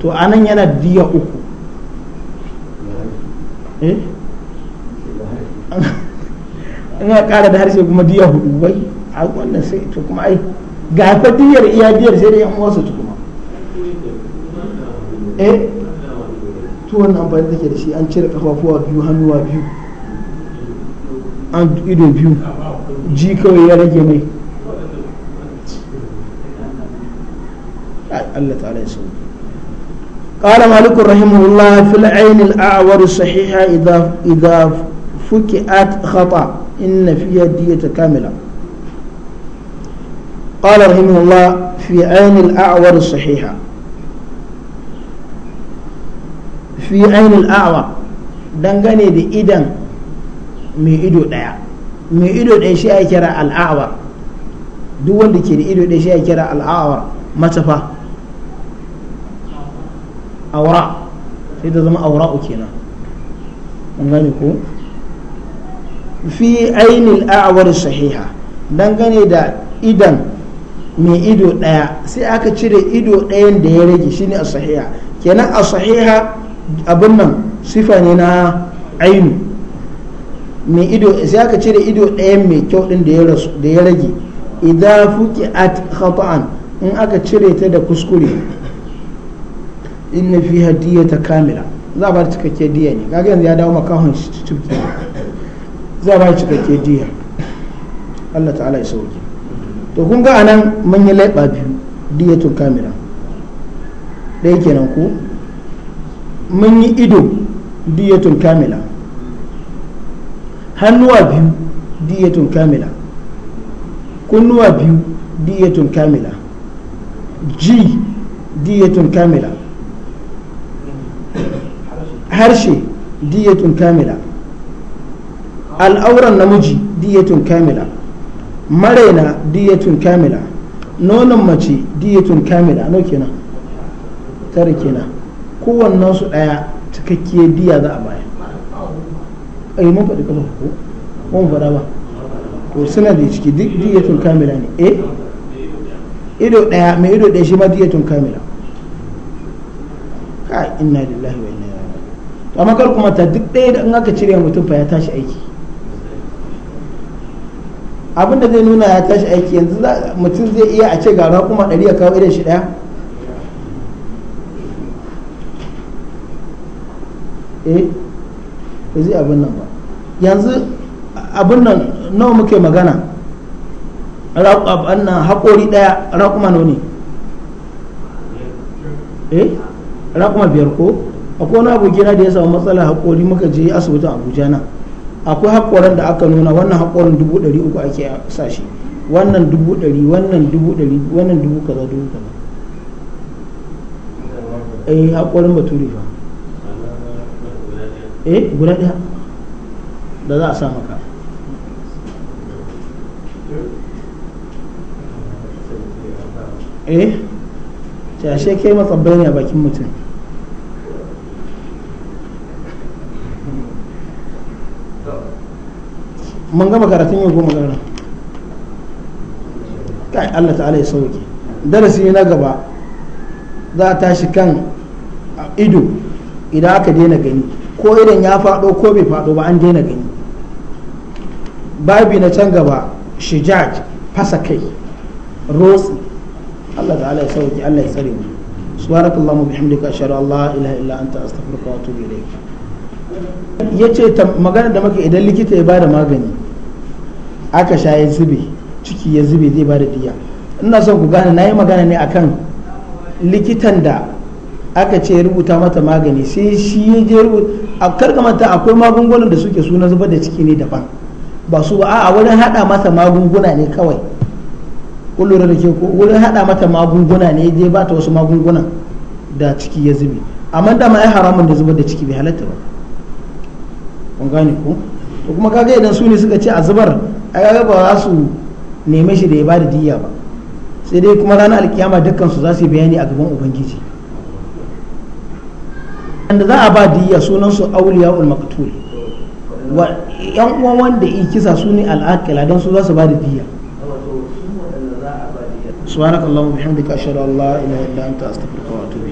to anan yana diya uku eh <laughs> ina ƙara da harshe kuma diya hudu bai a wannan sai to kuma ai ga fadiyar iya diyar sai da yan uwansa tukuma eh to wannan amfani take da shi an cire kafafuwa biyu hannuwa biyu an ido biyu ji kawai ya rage mai Allah ta'ala ya sauke قال مالك رحمه الله في العين الأعور الصحيحة إذا إذا فكئت خطأ إن فيها دية كاملة قال رحمه الله في عين الأعور الصحيحة في عين الأعور dangane idan mai ido ɗaya mai ido ɗaya shi kira al'awar duk wanda ido ɗaya shi ya kira al'awar matafa aura sai ta zama aura fi ainihin sahiha dangane da idan mai ido ɗaya sai aka cire ido ɗayan da ya rage ne a sahiha kenan a sahiha abin nan sifa ne na ainu mai ido sai aka cire ido ɗayan mai kyau ɗin da ya rage idan fuki at khata'an in aka cire ta da kuskure inna fi hadiyya ta kamila za a ba cikakke diya ne kaga yanzu ya dawo makahon shi za a ba cikakke diya Allah ta'ala ya sauke to kun ga anan mun yi laiba biyu diyatun kamila ɗaya kenan ko mun yi ido diyatun kamila hannuwa biyu diyatun kamila kunnuwa biyu diyatun kamila ji diyatun kamila harshe diyatun kamila al'auran namiji diyatun kamila maraina diyatun kamila nonon mace diyatun kamila no kenan tare kenan kowannen su daya cikakkiyar diya za a baya ai mun faɗi kasa ko mun faɗa ba ko suna da ciki duk diyatun kamila ne eh ido daya mai ido daya shi ma diyatun kamila ka inna lillahi wa inna ilaihi raji'un amma kar kuma ta duk daya da in aka cire mutum fa ya tashi aiki abin da zai nuna ya tashi aiki yanzu mutum zai iya a ce ga kuma ɗari ya kawo irin shi ɗaya eh zai abin nan ba yanzu abin nan nawa muke magana annan haƙori ɗaya raƙuma noni eh raƙuma biyar ko akwai wani gina da ya samu matsalar haƙori muka je asibitin abuja na akwai haƙoran da aka nuna wannan haƙoran dubu ɗari uku ake sa shi wannan dubu ɗari wannan dubu ɗari wannan dubu kaza dubu kaza eh haƙorin baturi fa eh guda ɗaya da za a sa maka eh ta ashe kai matsabbai ne a bakin mutum mun gama karatun yau goma garin kai Allah ta'ala ya sauke darasi na gaba za a tashi kan ido idan aka daina gani ko idan ya faɗo ko bai faɗo ba an daina gani babi na can gaba shijaj fasa kai rotsi Allah ta'ala ya sauke Allah ya tsare mu subhanakallahumma bihamdika ashhadu an la ilaha illa anta astaghfiruka wa atubu ilayk ya ce magana da maka idan likita ya bada magani aka sha ya zube ciki ya zube zai bada diya ina son ku gane na yi magana ne akan likitan da aka ce rubuta mata magani sai shi ya je rubuta a karkamanta akwai magungunan da suke suna zubar da ciki ne daban ba su ba a wurin hada mata magunguna ne kawai kullum da ke wurin hada mata magunguna ne je ba ta wasu magungunan da ciki ya zube amma dama ai haramun da zubar da ciki bai halatta ba kun gane ko to kuma kaga idan su ne suka ce a zubar a kaga ba za su neme shi da ya bada diya ba sai dai kuma ranar alkiyama dukkan su za su yi bayani a gaban ubangiji wanda za a ba diya sunan su auliya ul maqtul wa yan uwan wanda yi kisa su ne al'aqila dan su za su ba da diya subhanakallahumma bihamdika ashhadu an la ilaha illa anta astaghfiruka wa atubu